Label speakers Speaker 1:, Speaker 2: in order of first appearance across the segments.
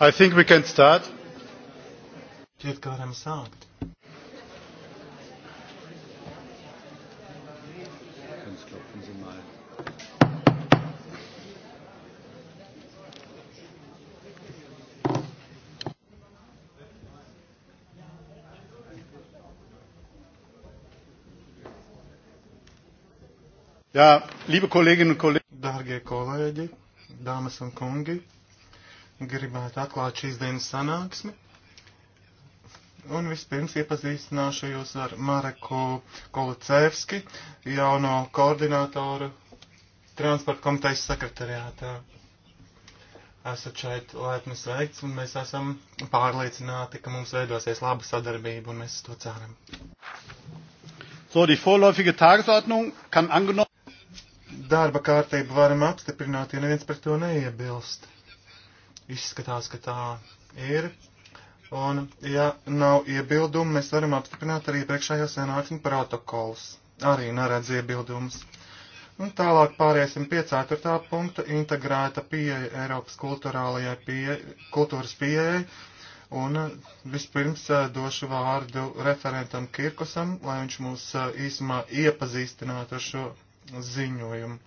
Speaker 1: I think we can start. Šķiet, ka varam sākt. Ja, liebe Kolleginnen und Kollegen, Dārgie kolēģi, dāmas un kungi, gribētu atklāt šīs dienas sanāksmi. Un vispirms iepazīstināšu jūs ar Mareku Kolucevski, jauno koordinātoru transporta komitejas sekretariātā. Esat šeit laipni sveikts, un mēs esam pārliecināti, ka mums veidosies laba sadarbība, un mēs to ceram. So, die vorläufige Tagesordnung kann angenommen. Darba kārtību varam apstiprināt, ja neviens par to neiebilst. Izskatās, ka tā ir. Un, ja nav iebildumu, mēs varam apstiprināt arī priekšējo sanāksmu protokols. Arī neredz iebildumus. Un tālāk pāriesim pie 4. punkta - integrēta pieeja Eiropas kultūrālajai pieeja, kultūras pieejai. Un eh, vispirms eh, došu vārdu referentam Kirkusam, lai viņš mūs eh, īsumā iepazīstinātu ar šo ziņojumu.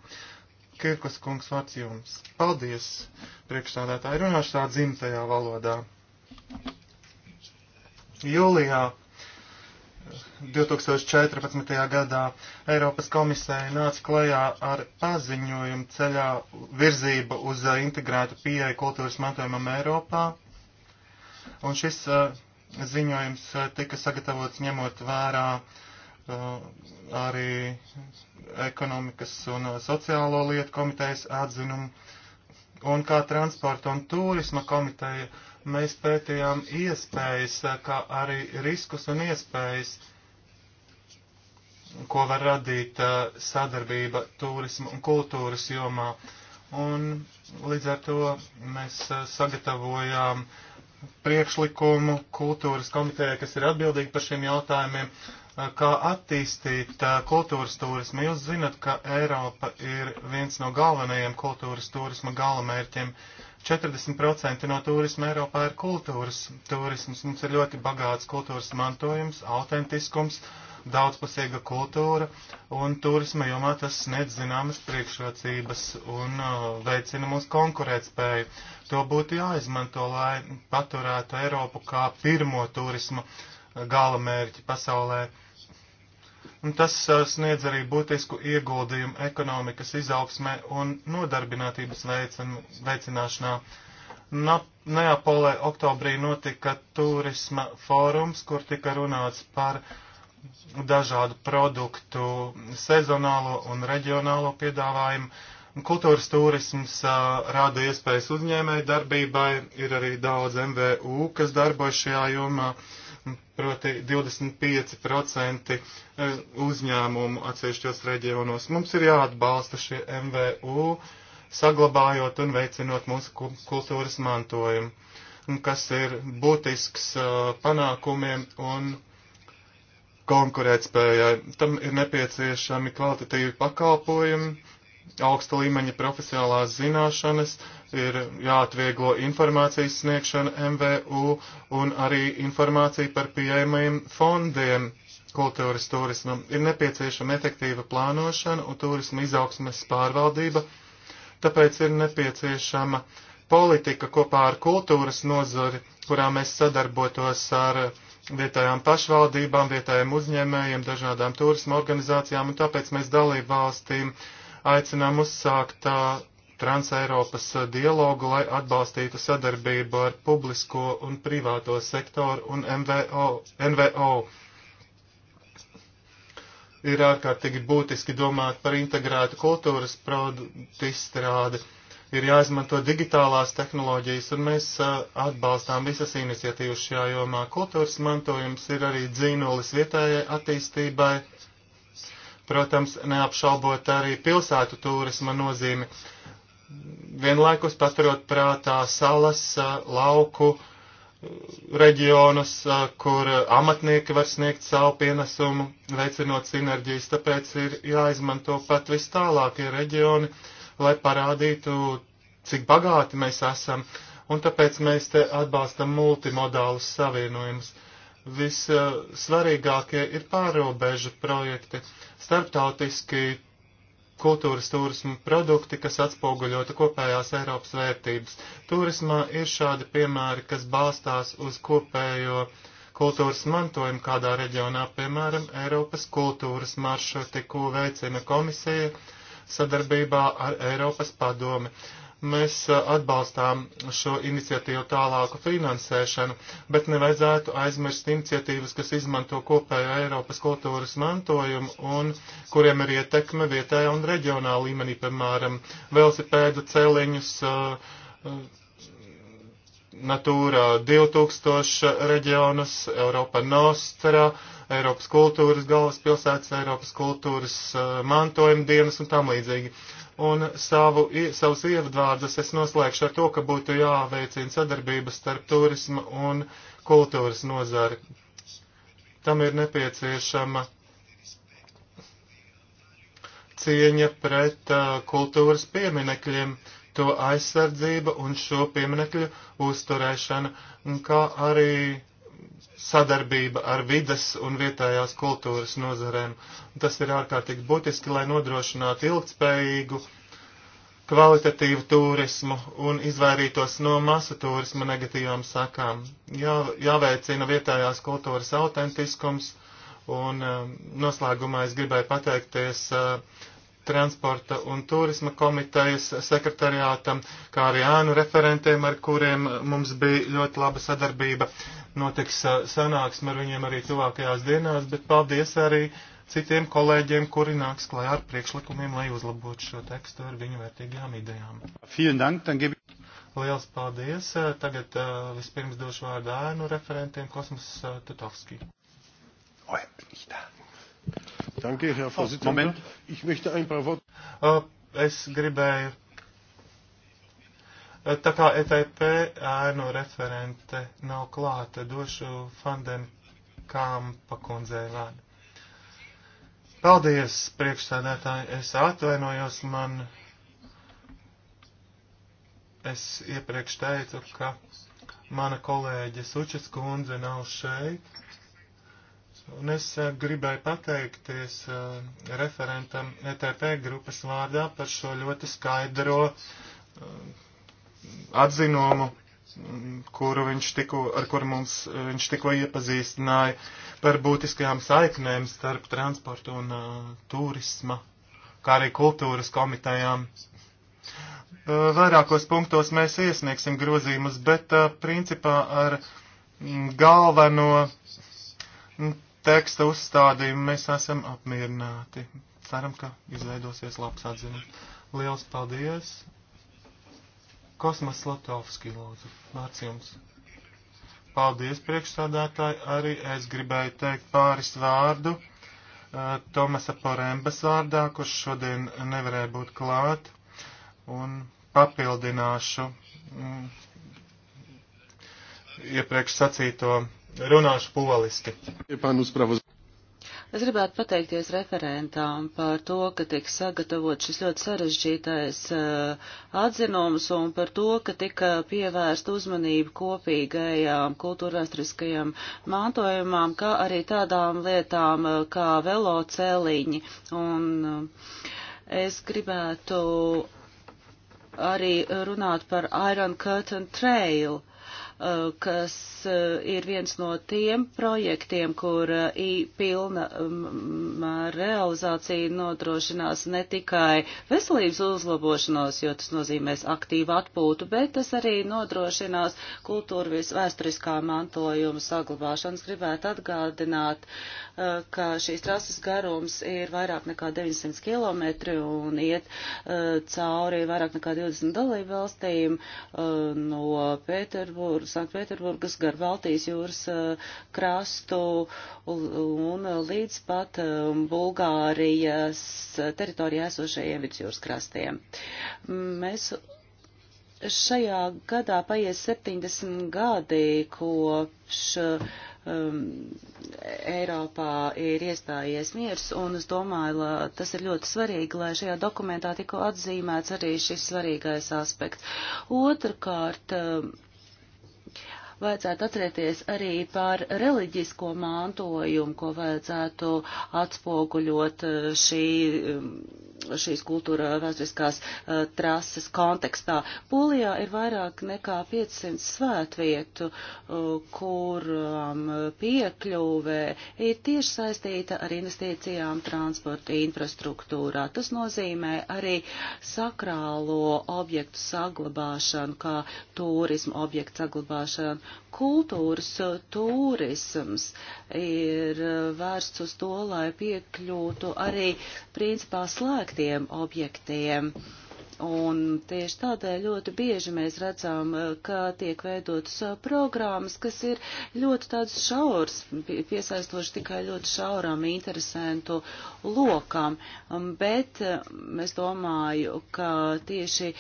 Speaker 1: Kirkus kungs vārds jums. Paldies, priekšstādātāji, runāšu tā dzimtajā valodā. Jūlijā 2014. Eh, gadā Eiropas komisēja nāca klajā ar paziņojumu ceļā virzība uz eh, integrētu pieeju kultūras mantojumam Eiropā. Un šis eh, ziņojums tika sagatavots ņemot vērā uh, Uh, arī ekonomikas un sociālo lietu komitejas atzinumu, un kā transporta un turisma komiteja mēs pētījām iespējas, uh, kā arī riskus un iespējas, ko var radīt uh, sadarbība turisma un kultūras jomā. Un līdz ar to mēs sagatavojām priekšlikumu kultūras komitejai, kas ir atbildīgi par šiem jautājumiem, kā attīstīt kultūras turismu. Jūs zinat, ka Eiropa ir viens no galvenajiem kultūras turisma galamērķiem. 40% no turisma Eiropā ir kultūras turisms. Mums ir ļoti bagāts kultūras mantojums, autentiskums, daudzpusīga kultūra, un turisma jomā tas sniedz zināmas priekšrocības un uh, veicina mūsu konkurētspēju. To būtu jāizmanto, lai paturētu Eiropu kā pirmo turismu uh, gala mērķi pasaulē. Un tas uh, sniedz arī būtisku ieguldījumu ekonomikas izaugsmē un nodarbinātības veicin, veicināšanā. Na, Neapolē oktobrī notika turisma fórums, kur tika runāts par dažādu produktu sezonālo un reģionālo piedāvājumu. Kultūras turisms uh, rada iespējas uzņēmēju darbībai, ir arī daudz MVU, kas darbojas šajā jomā. Uh, proti 25% e, uzņēmumu atsevišķos reģionos. Mums ir jāatbalsta šie MVU, saglabājot un veicinot mūsu kultūras mantojumu, kas ir būtisks e, panākumiem un konkurētspējai. Tam ir nepieciešami kvalitatīvi pakalpojumi, augsta līmeņa profesionālās zināšanas, ir jāatvieglo informācijas sniegšana MVU un arī informācija par pieejamajiem fondiem kultūras turismam. Ir nepieciešama efektīva plānošana un turisma izaugsmes pārvaldība, tāpēc ir nepieciešama politika kopā ar kultūras nozari, kurā mēs sadarbotos ar vietējām pašvaldībām, vietējiem uzņēmējiem, dažādām turisma organizācijām, un tāpēc mēs dalību valstīm uh, aicinām uzsākt Transeiropas dialogu, lai atbalstītu sadarbību ar publisko un privāto sektoru un MVO. NVO. Ir ārkārtīgi būtiski domāt par integrētu kultūras produktu izstrādi ir jāizmanto digitālās tehnoloģijas, un mēs atbalstām visas iniciatīvas šajā jomā. Kultūras mantojums ir arī dzīnulis vietējai attīstībai, Protams, neapšaubot arī pilsētu turisma nozīmi. Vienlaikus paturot prātā salas, lauku, reģionus, kur amatnieki var sniegt savu pienesumu, veicinot sinerģijas, tāpēc ir jāizmanto pat vis tālākie reģioni, lai parādītu, cik bagāti mēs esam, un tāpēc mēs te atbalstam multimodālus savienojumus vissvarīgākie ir pārobežu projekti, starptautiski kultūras turismu produkti, kas atspoguļotu kopējās Eiropas vērtības. Turismā ir šādi piemēri, kas balstās uz kopējo kultūras mantojumu kādā reģionā, piemēram, Eiropas kultūras maršruti, ko veicina komisija sadarbībā ar Eiropas padomi. Mēs atbalstām šo iniciatīvu tālāku finansēšanu, bet nevajadzētu aizmirst iniciatīvas, kas izmanto kopējo Eiropas kultūras mantojumu un kuriem ir ietekme vietējā un reģionāla līmenī, piemēram, velosipēdu celiņus, Natūra 2000 reģionus, Eiropa Nostra, Eiropas kultūras galvaspilsētas, Eiropas kultūras uh, mantojuma dienas un tam līdzīgi. Un savu, savus ievadvārdus es noslēgšu ar to, ka būtu jāveicina sadarbības starp turismu un kultūras nozari. Tam ir nepieciešama cieņa pret uh, kultūras pieminekļiem, to aizsardzība un šo pieminekļu uzturēšana, kā arī sadarbība ar vidas un vietējās kultūras nozarēm. Tas ir ārkārtīgi būtiski, lai nodrošinātu ilgtspējīgu, kvalitatīvu turismu un izvairītos no masu turisma negatīvām sakām. Jā, jāveicina vietējās kultūras autentiskums un um, noslēgumā es gribēju pateikties uh, transporta un turisma komitejas sekretariātam, kā arī ānu referentiem, ar kuriem mums bija ļoti laba sadarbība notiks uh, sanāksme ar viņiem arī tuvākajās dienās, bet paldies arī citiem kolēģiem, kuri nāks klajā ar priekšlikumiem, lai uzlabotu šo tekstu ar viņu vērtīgajām idejām. Liels paldies! Uh, tagad uh, vispirms došu vārdu ēnu referentiem Kosmas Tutovski. Oh, er Danke, Herr oh, Vorsitzender. Ich möchte ein paar Worte. Es gribēju Tā kā ETP ēnu referente nav klāta, došu Fanden Kampa kundzei vārdu. Paldies, priekšsēdētāji, es atvainojos man. Es iepriekš teicu, ka mana kolēģe Sučas kundze nav šeit. Un es eh, gribēju pateikties uh, referentam ETP grupas vārdā par šo ļoti skaidro uh, atzinumu, kuru viņš tikko, ar kuru mums eh, viņš tikko iepazīstināja par būtiskajām saiknēm starp transportu un uh, turisma, kā arī kultūras komitejām. Uh, vairākos punktos mēs iesniegsim grozījumus, bet uh, principā ar mm, galveno mm, teksta uzstādījumu mēs esam apmierināti. Ceram, ka izveidosies labs atziņas. Liels paldies! Kosmas Latovski, lūdzu, vārds jums. Paldies, priekšsādātāji. Arī es gribēju teikt pāris vārdu uh, Tomasa Porembas vārdā, kurš šodien nevarēja būt klāt, un papildināšu mm, iepriekš sacīto runāšu poliski.
Speaker 2: Es gribētu pateikties referentām par to, ka tiek sagatavot šis ļoti sarežģītais eh, atzinums un par to, ka tika pievērst uzmanību kopīgajām kultūrvēsturiskajām mantojumām, kā arī tādām lietām eh, kā veloceliņi. Un eh, es gribētu arī runāt par Iron Curtain Trail Eh, kas eh, ir viens no tiem projektiem, kur eh, pilna realizācija nodrošinās ne tikai veselības uzlabošanos, jo tas nozīmēs aktīvu atpūtu, bet tas arī nodrošinās kultūras vēsturiskā mantojuma saglabāšanas. Gribētu atgādināt, ka šīs trases garums ir vairāk nekā 900 km un iet cauri vairāk nekā 20 dalību valstīm no Pēterburgas Sanktpēterburgas gar Baltijas jūras eh, krastu un līdz pat eh, Bulgārijas teritorijā esošajiem vidusjūras krastiem. Mēs šajā gadā paies 70 gadi, kopš um, Eiropā ir iestājies miers, un es domāju, la, tas ir ļoti svarīgi, lai šajā dokumentā tikko atzīmēts arī šis svarīgais aspekts. Otrkārt, um, vajadzētu atcerēties arī par reliģisko mantojumu, ko vajadzētu atspoguļot eh, šī um, šīs kultūra vēsturiskās uh, trases kontekstā. Polijā ir vairāk nekā 500 svētvietu, uh, kurām um, piekļuvē ir tieši saistīta ar investīcijām transporta infrastruktūrā. Tas nozīmē arī sakrālo objektu saglabāšanu, kā turismu objektu saglabāšanu, Kultūras uh, turisms ir uh, vērsts uz to, lai piekļūtu arī principā slēgtiem objektiem. Uh, Un tieši tādēļ ļoti bieži mēs redzam, eh, ka tiek veidotas eh, programmas, kas ir ļoti tāds šaurs, piesaistoši tikai ļoti šauram interesantu lokam. Um, bet eh, es domāju, ka tieši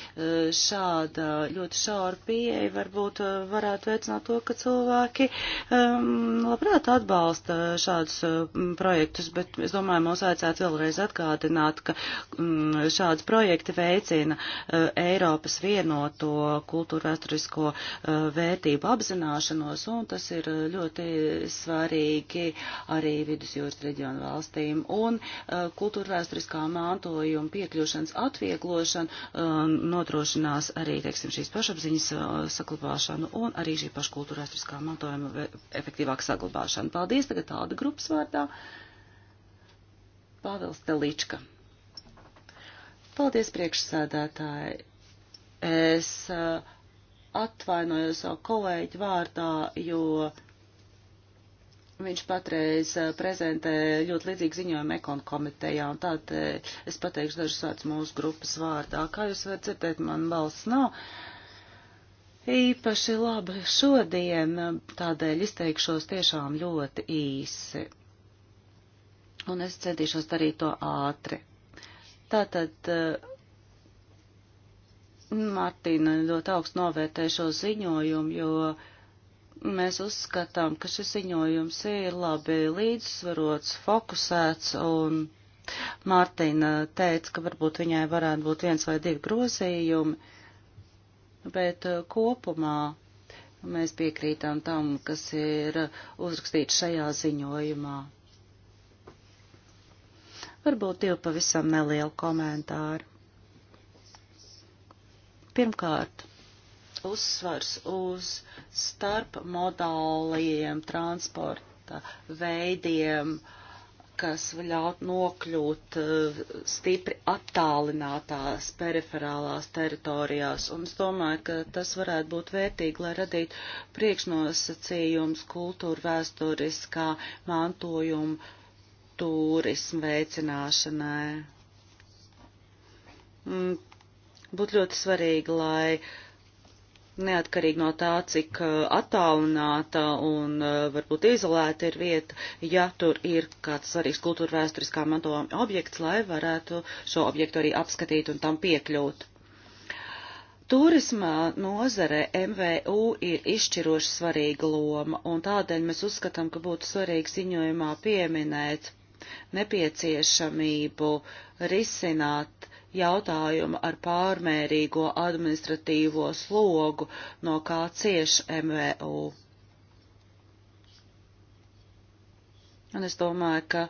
Speaker 2: šāda ļoti šaura pieeja varbūt varētu veicināt to, ka cilvēki um, labprāt atbalsta šādus projektus, bet es domāju, mums vajadzētu vēlreiz atgādināt, ka um, mm, šādas projekti veicina veicina Eiropas vienoto kultūrvēturisko e, vērtību apzināšanos, un tas ir ļoti svarīgi arī vidusjūras reģionu valstīm. Un e, kultūrvēturiskā mantojuma piekļūšanas atvieglošana e, nodrošinās arī, teiksim, šīs pašapziņas saglabāšanu un arī šī paškultūrvēturiskā mantojuma efektīvāku saglabāšanu. Paldies, tagad tāda grupas vārdā. Pāvils Telička. Paldies, priekšsēdētāji. Es uh, atvainojos savu kolēģi vārdā, jo viņš patreiz uh, prezentē ļoti līdzīgu ziņojumu ekonu komitejā, un tātad es pateikšu dažus vārdus mūsu grupas vārdā. Kā jūs varat dzirdēt, man balss nav īpaši laba šodien, tādēļ izteikšos tiešām ļoti īsi. Un es centīšos darīt to ātri. Tātad eh, Mārtīna ļoti augstu novērtē šo ziņojumu, jo mēs uzskatām, ka šis ziņojums ir labi līdzsvarots, fokusēts, un Mārtīna teica, ka varbūt viņai varētu būt viens vai divi grozījumi, bet eh, kopumā mēs piekrītām tam, kas ir uzrakstīts šajā ziņojumā. Varbūt divi pavisam nelieli komentāri. Pirmkārt, uzsvars uz starpmodālajiem transporta veidiem, kas ļaut nokļūt eh, stipri attālinātās periferālās teritorijās. Un es domāju, ka tas varētu būt vērtīgi, lai radītu priekšnosacījums kultūra vēsturiskā mantojuma turismu veicināšanai. Mm, būtu ļoti svarīgi, lai neatkarīgi no tā, cik uh, attālināta un uh, varbūt izolēta ir vieta, ja tur ir kāds svarīgs kultūra vēsturiskā mantojuma objekts, lai varētu šo objektu arī apskatīt un tam piekļūt. Turismā nozare MVU ir izšķiroši svarīga loma, un tādēļ mēs uzskatām, ka būtu svarīgi ziņojumā pieminēt nepieciešamību risināt jautājumu ar pārmērīgo administratīvo slogu, no kā cieš MVU. Un es domāju, ka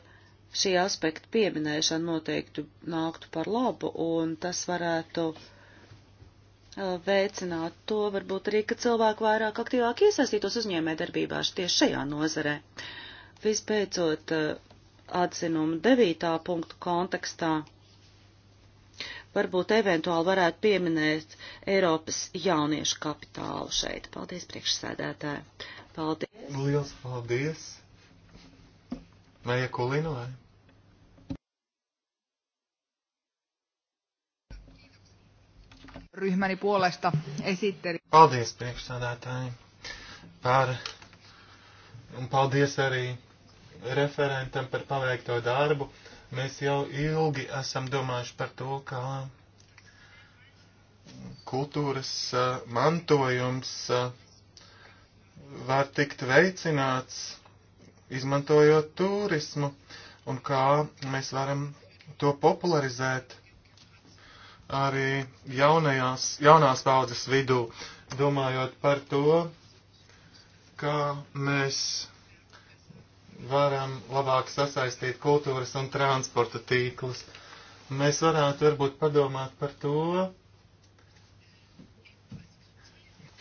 Speaker 2: šī aspekta pieminēšana noteikti nāktu par labu, un tas varētu veicināt to, varbūt arī, ka cilvēki vairāk aktīvāk iesaistītos uzņēmē darbībā tieši šajā nozarē. Visbeidzot, atzinumu devītā punktu kontekstā. Varbūt eventuāli varētu pieminēt Eiropas jauniešu kapitālu šeit. Paldies, priekšsēdētāji. Paldies.
Speaker 1: Liels paldies. Mēja Kulinoja.
Speaker 2: ryhmäni puolesta esitteli.
Speaker 1: Paldies priekšsādātāji par un paldies arī referentam par paveikto darbu. Mēs jau ilgi esam domājuši par to, kā kultūras uh, mantojums uh, var tikt veicināts, izmantojot turismu, un kā mēs varam to popularizēt arī jaunajās, jaunās paudzes vidū, domājot par to, kā mēs varam labāk sasaistīt kultūras un transporta tīklus. Mēs varētu varbūt padomāt par to,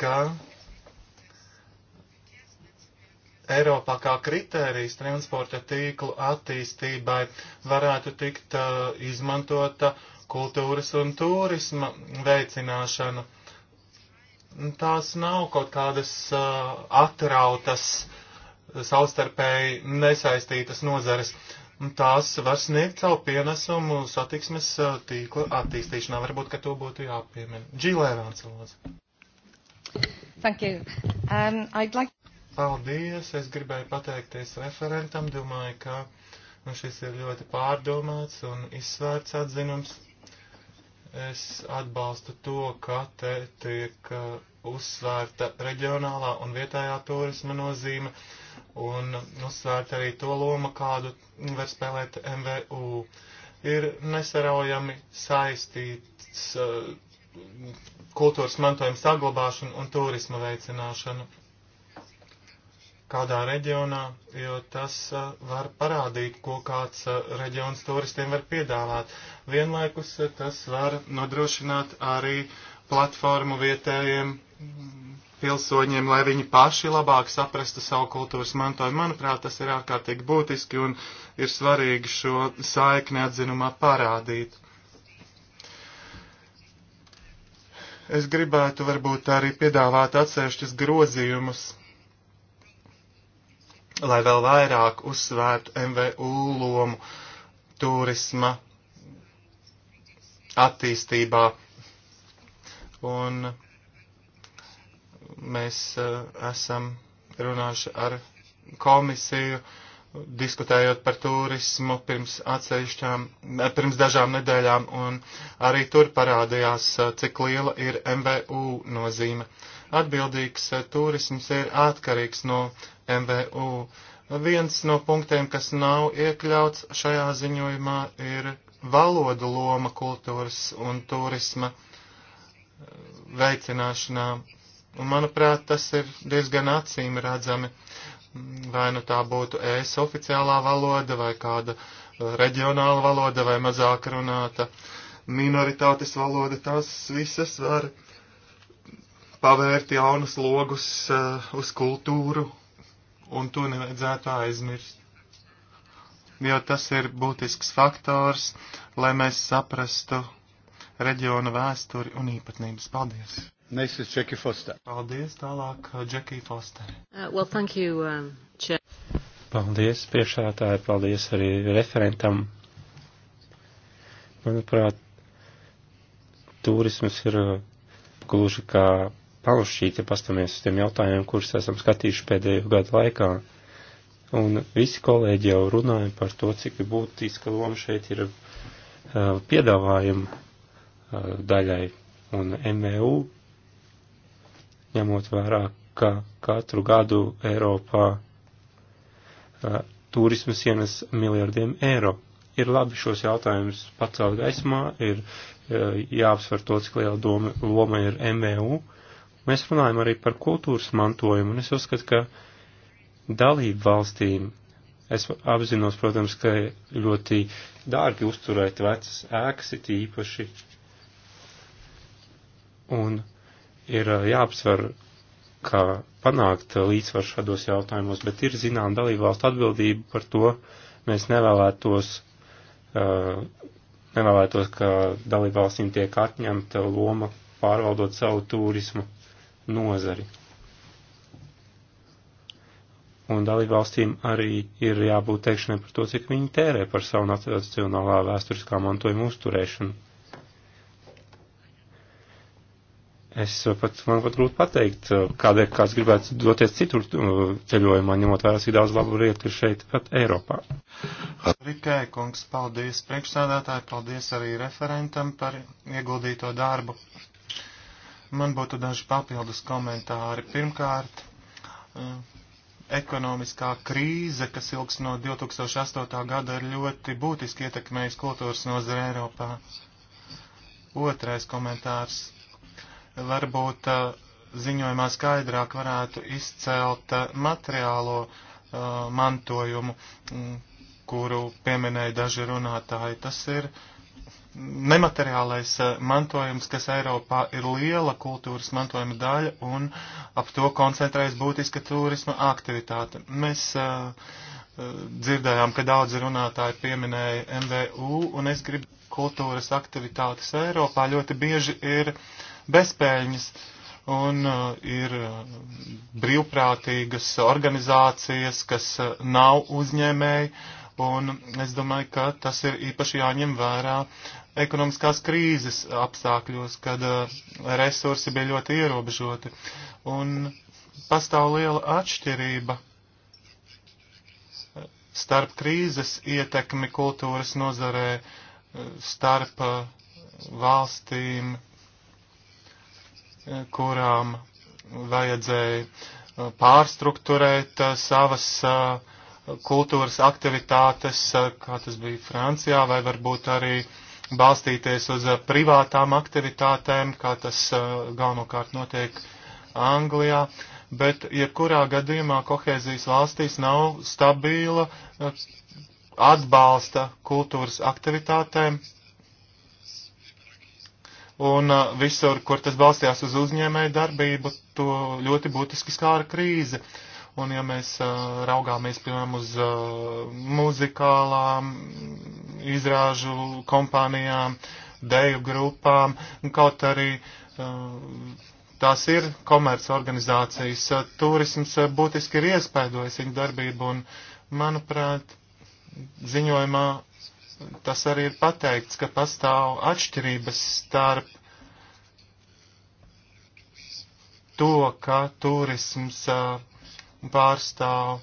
Speaker 1: ka Eiropā kā kritērijas transporta tīklu attīstībai varētu tikt uh, izmantota kultūras un turisma veicināšana. Tās nav kaut kādas uh, atrautas uh, savstarpēji nesaistītas nozares. Tās var sniegt savu pienesumu satiksmes tīkla attīstīšanā. Varbūt, ka to būtu jāpiemina. Džilērāns, lūdzu. Thank you. Um, I'd like... Paldies. Es gribēju pateikties referentam. Domāju, ka nu, šis ir ļoti pārdomāts un izsvērts atzinums. Es atbalstu to, ka te tiek. Uh, uzsvērta reģionālā un vietējā turisma nozīme un uzsvērta arī to loma, kādu var spēlēt MVU. Ir nesaraujami saistīts uh, kultūras mantojuma saglabāšana un turisma veicināšana kādā reģionā, jo tas uh, var parādīt, ko kāds uh, reģions turistiem var piedāvāt. Vienlaikus tas var nodrošināt arī platformu vietējiem pilsoņiem, lai viņi paši labāk saprastu savu kultūras mantojumu. Manuprāt, tas ir ārkārtīgi būtiski un ir svarīgi šo saikni atzinumā parādīt. Es gribētu varbūt arī piedāvāt atsevišķus grozījumus, lai vēl vairāk uzsvērtu MVU lomu turisma attīstībā. Un uh, Mēs e, esam runājuši ar komisiju, diskutējot par turismu pirms atsevišķām, e, pirms dažām nedēļām, un arī tur parādījās, e, cik liela ir MVU nozīme. Atbildīgs turisms ir atkarīgs no MVU. Viens no punktiem, kas nav iekļauts šajā ziņojumā, ir valodu loma kultūras un turisma veicināšanā Un, manuprāt, tas ir diezgan acīm redzami. Vai nu tā būtu ēs oficiālā valoda, vai kāda uh, reģionāla valoda, vai mazāk runāta minoritātes valoda, tās visas var pavērt jaunus logus uh, uz kultūru, un to nevajadzētu aizmirst. Jo tas ir būtisks faktors, lai mēs saprastu reģionu vēsturi un īpatnības. Paldies! Nesis Džeki Foster. Paldies, tālāk Džeki uh, Foster. Uh, well, thank you, um, Chair.
Speaker 3: Paldies, priekšādātāji, paldies arī referentam. Manuprāt, turismas ir uh, gluži kā palušķīt, ja pastamies uz tiem jautājumiem, kurus esam skatījuši pēdējo gadu laikā. Un visi kolēģi jau runāja par to, cik būtiska loma šeit ir uh, piedāvājuma uh, daļai. Un MEU ņemot vērā, ka katru gadu Eiropā turismas ienes miljardiem eiro. Ir labi šos jautājumus pacelt gaismā, ir jāapsver to, cik liela doma, loma ir MVU. Mēs runājam arī par kultūras mantojumu, un es uzskatu, ka dalību valstīm, es apzinos, protams, ka ļoti dārgi uzturēt vecas ēkas, it īpaši, un ir jāapsver, kā panākt līdzsvaru šādos jautājumos, bet ir zinām dalībvalstu atbildība par to. Mēs nevēlētos, uh, nevēlētos ka dalībvalstīm tiek atņemta loma pārvaldot savu turismu nozari. Un dalībvalstīm arī ir jābūt teikšanai par to, cik viņi tērē par savu nacionālā vēsturiskā mantojuma uzturēšanu. Es pat, man pat grūti pateikt, kādēļ kāds gribētu doties citur uh, ceļojumā, ņemot vērā, cik daudz labu lietu ir šeit, pat Eiropā.
Speaker 1: Rikai, kungs, paldies priekšsādātāji, paldies arī referentam par ieguldīto darbu. Man būtu daži papildus komentāri. Pirmkārt, uh, ekonomiskā krīze, kas ilgs no 2008. gada, ir ļoti būtiski ietekmējusi kultūras nozare Eiropā. Otrais komentārs varbūt uh, ziņojumā skaidrāk varētu izcelt uh, materiālo uh, mantojumu, mm, kuru pieminēja daži runātāji. Tas ir nemateriālais mantojums, kas Eiropā ir liela kultūras mantojuma daļa un ap to koncentrējas būtiska turisma aktivitāte. Mēs uh, dzirdējām, ka daudzi runātāji pieminēja MVU un es gribu kultūras aktivitātes Eiropā ļoti bieži ir uh, bezpēļņas. Un uh, ir uh, brīvprātīgas organizācijas, kas uh, nav uzņēmēji, un es domāju, ka tas ir īpaši jāņem vērā ekonomiskās krīzes apstākļos, kad uh, resursi bija ļoti ierobežoti. Un pastāv liela atšķirība uh, starp krīzes ietekmi kultūras nozarē, uh, starp valstīm, kurām vajadzēja uh, pārstruktūrēt uh, savas uh, kultūras aktivitātes, kā tas bija Francijā, vai varbūt arī balstīties uz privātām aktivitātēm, kā tas galvenokārt notiek Anglijā. Bet, ja kurā gadījumā kohēzijas valstīs nav stabila atbalsta kultūras aktivitātēm, un uh, visur, kur tas balstījās uz uzņēmēju darbību, to ļoti būtiski skāra krīze. Un ja mēs uh, raugāmies, piemēram, uz uh, muzikālām izrāžu kompānijām, deju grupām, kaut arī uh, tās ir komercorganizācijas, uh, turisms uh, būtiski ir iespēdojis viņu darbību un, manuprāt, ziņojumā tas arī ir pateikts, ka pastāv atšķirības starp to, ka turisms uh, pārstāv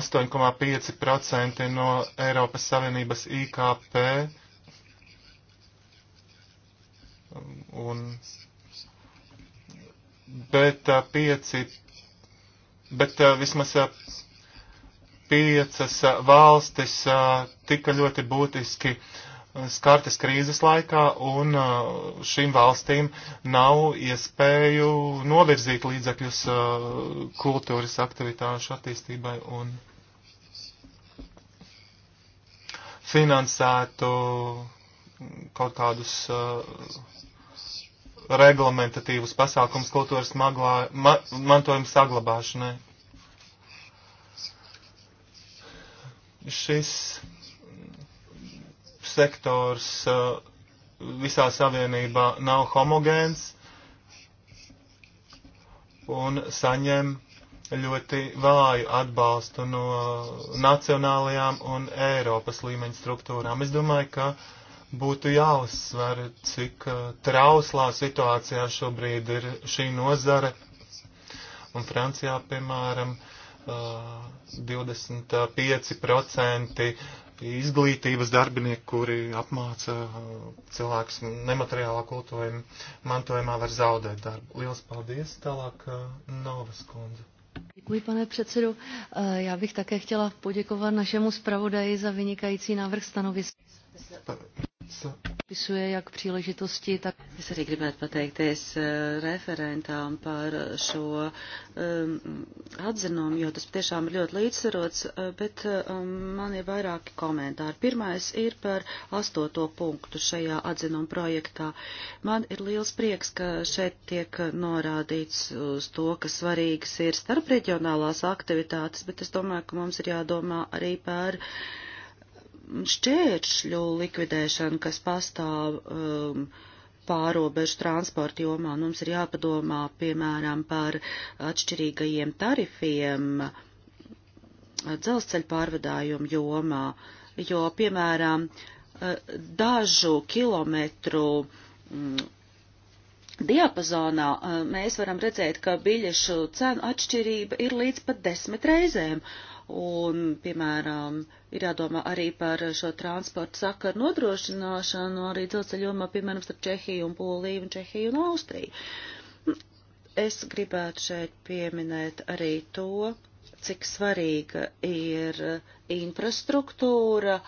Speaker 1: 8,5% uh, no Eiropas Savienības IKP un bet uh, pieci, bet vismaz piecas valstis tika ļoti būtiski skartas krīzes laikā, un šīm valstīm nav iespēju novirzīt līdzekļus kultūras aktivitāšu attīstībai un finansētu kaut kādus reglamentatīvus pasākums kultūras maglā, ma, mantojuma saglabāšanai. šis sektors uh, visā savienībā nav homogēns un saņem ļoti vāju atbalstu no nacionālajām un Eiropas līmeņa struktūrām. Es domāju, ka būtu jāuzsver, cik uh, trauslā situācijā šobrīd ir šī nozare. Un Francijā, piemēram, uh, 25% izglītības darbinieki, kuri apmāca uh, cilvēkus nemateriālā kultūra mantojumā, var zaudēt darbu. Lielas paldies! Tālāk uh, Novas kundze.
Speaker 2: Děkuji, pane předsedo. Uh, já bych také chtěla poděkovat našemu zpravodaji za vynikající návrh stanoviska. Es arī gribētu pateikties eh, referentām par šo um, atzinumu, jo tas patiešām ir ļoti līdzsvarots, eh, bet um, man ir vairāki komentāri. Pirmais ir par astoto punktu šajā atzinuma projektā. Man ir liels prieks, ka šeit tiek norādīts uz to, ka svarīgas ir starpreģionālās aktivitātes, bet es domāju, ka mums ir jādomā arī par. Uh, šķēršļu likvidēšanu, kas pastāv um, pārobežu transporta jomā. Mums ir jāpadomā, piemēram, par atšķirīgajiem tarifiem uh, dzelzceļa pārvadājumu jomā, jo, piemēram, uh, dažu kilometru um, diapazonā uh, mēs varam redzēt, ka biļešu cenu atšķirība ir līdz pat desmit reizēm. Un, piemēram, ir jādomā arī par šo transportu sakaru nodrošināšanu arī dzelceļojumā, piemēram, starp Čehiju un Poliju un Čehiju un Austriju. Es gribētu šeit pieminēt arī to, cik svarīga ir infrastruktūra,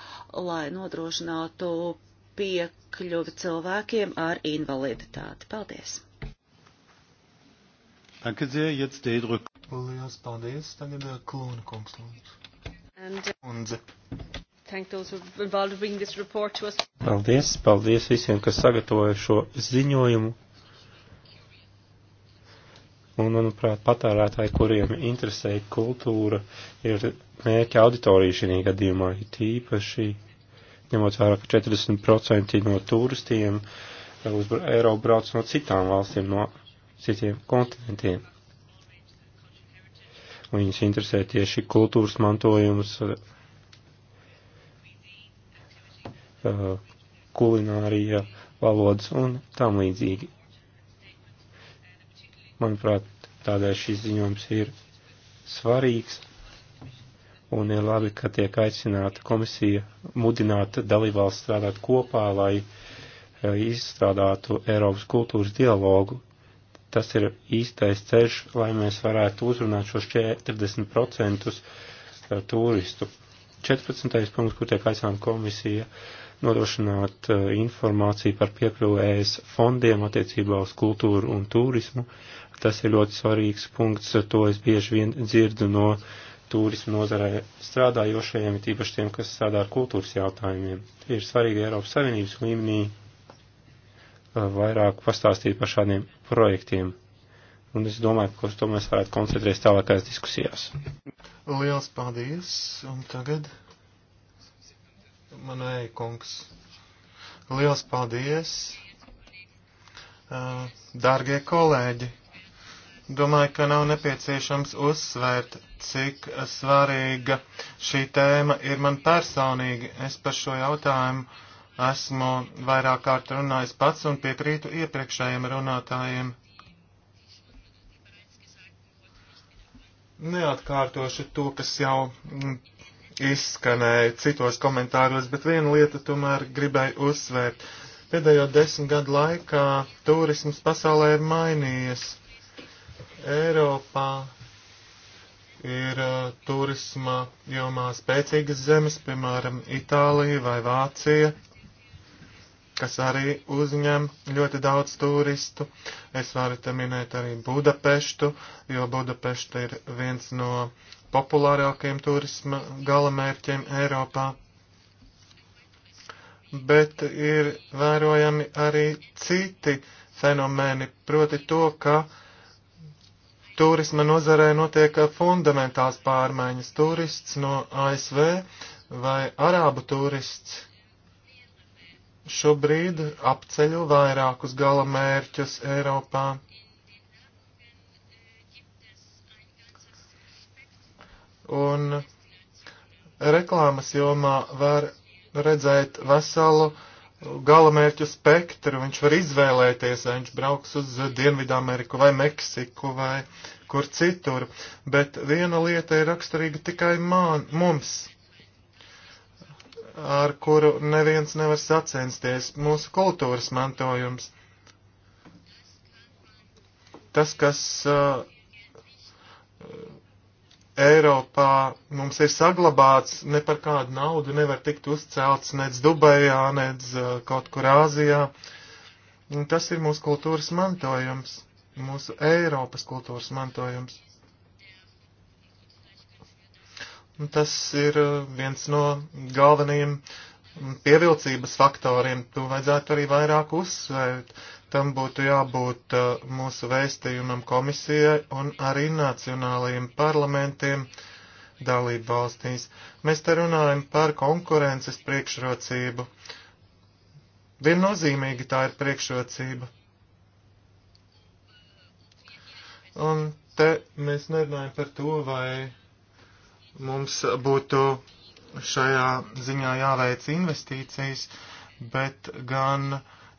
Speaker 2: lai nodrošinātu piekļuvi cilvēkiem ar invaliditāti. Paldies!
Speaker 3: Danke
Speaker 1: sehr, jetzt Deirdre Lielas paldies. Tagad eh, Klūna kungs lūdzu.
Speaker 2: And, uh,
Speaker 3: Paldies, paldies visiem, kas sagatavoja šo ziņojumu. Un, manuprāt, patērētāji, kuriem interesē kultūra, ir mērķa auditorija šī gadījumā, ir tīpaši, ņemot vērā, ka 40% no turistiem eh, uz Eiropu brauc no citām valstīm, no citiem kontinentiem viņus interesē tieši kultūras mantojums, eh, kulinārija, valodas un tam līdzīgi. Manuprāt, tādēļ šis ziņojums ir svarīgs un ir labi, ka tiek aicināta komisija mudināt dalībvalsts strādāt kopā, lai eh, izstrādātu Eiropas kultūras dialogu, tas ir īstais ceļš, lai mēs varētu uzrunāt šos 40% eh, turistu. 14. punkts, kur tiek aicinām komisija nodrošināt eh, informāciju par piekļuvējas e fondiem attiecībā uz kultūru un turismu. Tas ir ļoti svarīgs punkts, eh, to es bieži vien dzirdu no turismu nozarē strādājošajiem, tīpaši tiem, kas strādā ar kultūras jautājumiem. Ir svarīgi Eiropas Savienības līmenī vairāk pastāstīt par šādiem projektiem. Un es domāju, ka uz to mēs varētu koncentrēties tālākās diskusijās.
Speaker 1: Liels paldies! Un tagad manai kungs. Liels paldies! Dārgie kolēģi! Domāju, ka nav nepieciešams uzsvērt, cik svarīga šī tēma ir man personīgi. Es par šo jautājumu Esmu vairāk kārt runājis pats un piekrītu iepriekšējiem runātājiem. Neatkārtošu to, kas jau mm, izskanēja citos komentāros, bet viena lieta tomēr gribēju uzsvērt. Pēdējo desmit gadu laikā turisms pasaulē ir mainījies. Eiropā ir uh, turisma jomā spēcīgas zemes, piemēram, Itālija vai Vācija kas arī uzņem ļoti daudz turistu. Es varu te minēt arī Budapeštu, jo Budapešta ir viens no populārākajiem turisma galamērķiem Eiropā. Bet ir vērojami arī citi fenomēni, proti to, ka turisma nozarē notiek fundamentāls pārmaiņas. Turists no ASV vai arābu turists šobrīd apceļu vairākus gala mērķus Eiropā. Un reklāmas jomā var redzēt veselu gala mērķu spektru. Viņš var izvēlēties, vai viņš brauks uz Dienvidāmeriku vai Meksiku vai kur citur. Bet viena lieta ir raksturīga tikai man, mums ar kuru neviens nevar sacensties - mūsu kultūras mantojums. Tas, kas uh, Eiropā mums ir saglabāts, ne par kādu naudu nevar tikt uzcelts nec Dubajā, nec uh, kaut kur Āzijā. Un tas ir mūsu kultūras mantojums, mūsu Eiropas kultūras mantojums. Tas ir uh, viens no galvenajiem pievilcības faktoriem. To vajadzētu arī vairāk uzsvērt. Tam būtu jābūt uh, mūsu vēstījumam komisijai un arī nacionālajiem parlamentiem dalību valstīs. Mēs te runājam par konkurences priekšrocību. Viennozīmīgi tā ir priekšrocība. Un te mēs nerunājam par to, vai Mums būtu šajā ziņā jāveic investīcijas, bet gan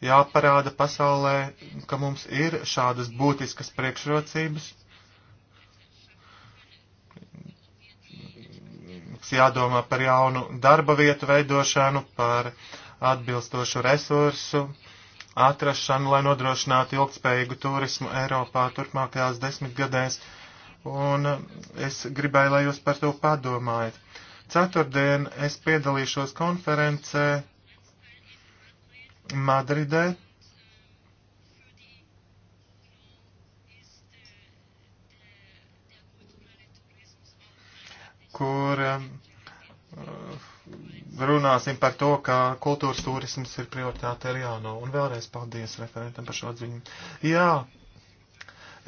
Speaker 1: jāparāda pasaulē, ka mums ir šādas būtiskas priekšrocības. Jādomā par jaunu darba vietu veidošanu, par atbilstošu resursu atrašanu, lai nodrošinātu ilgspējīgu turismu Eiropā turpmākajās desmitgadēs. gadēs un eh, es gribēju, lai jūs par to padomājat. Ceturtdien es piedalīšos konferencē Madridē. kur eh, runāsim par to, ka kultūras turisms ir prioritāte arī jāno. Un vēlreiz paldies referentam par šo atziņu. Jā,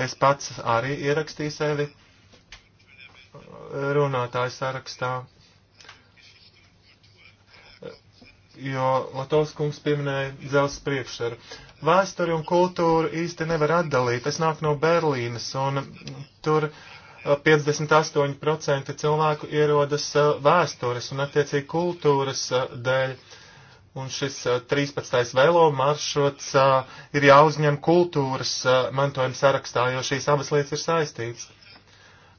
Speaker 1: Es pats arī ierakstīju sevi runātāju sarakstā, jo Latovs kungs pieminēja dzelzs priekšsaru. Vēsturi un kultūru īsti nevar atdalīt. Es nāku no Berlīnas, un tur 58% eh, cilvēku ierodas eh, vēstures un attiecīgi kultūras eh, dēļ un šis 13. velo maršruts ir jāuzņem kultūras mantojuma sarakstā, jo šīs abas lietas ir saistītas.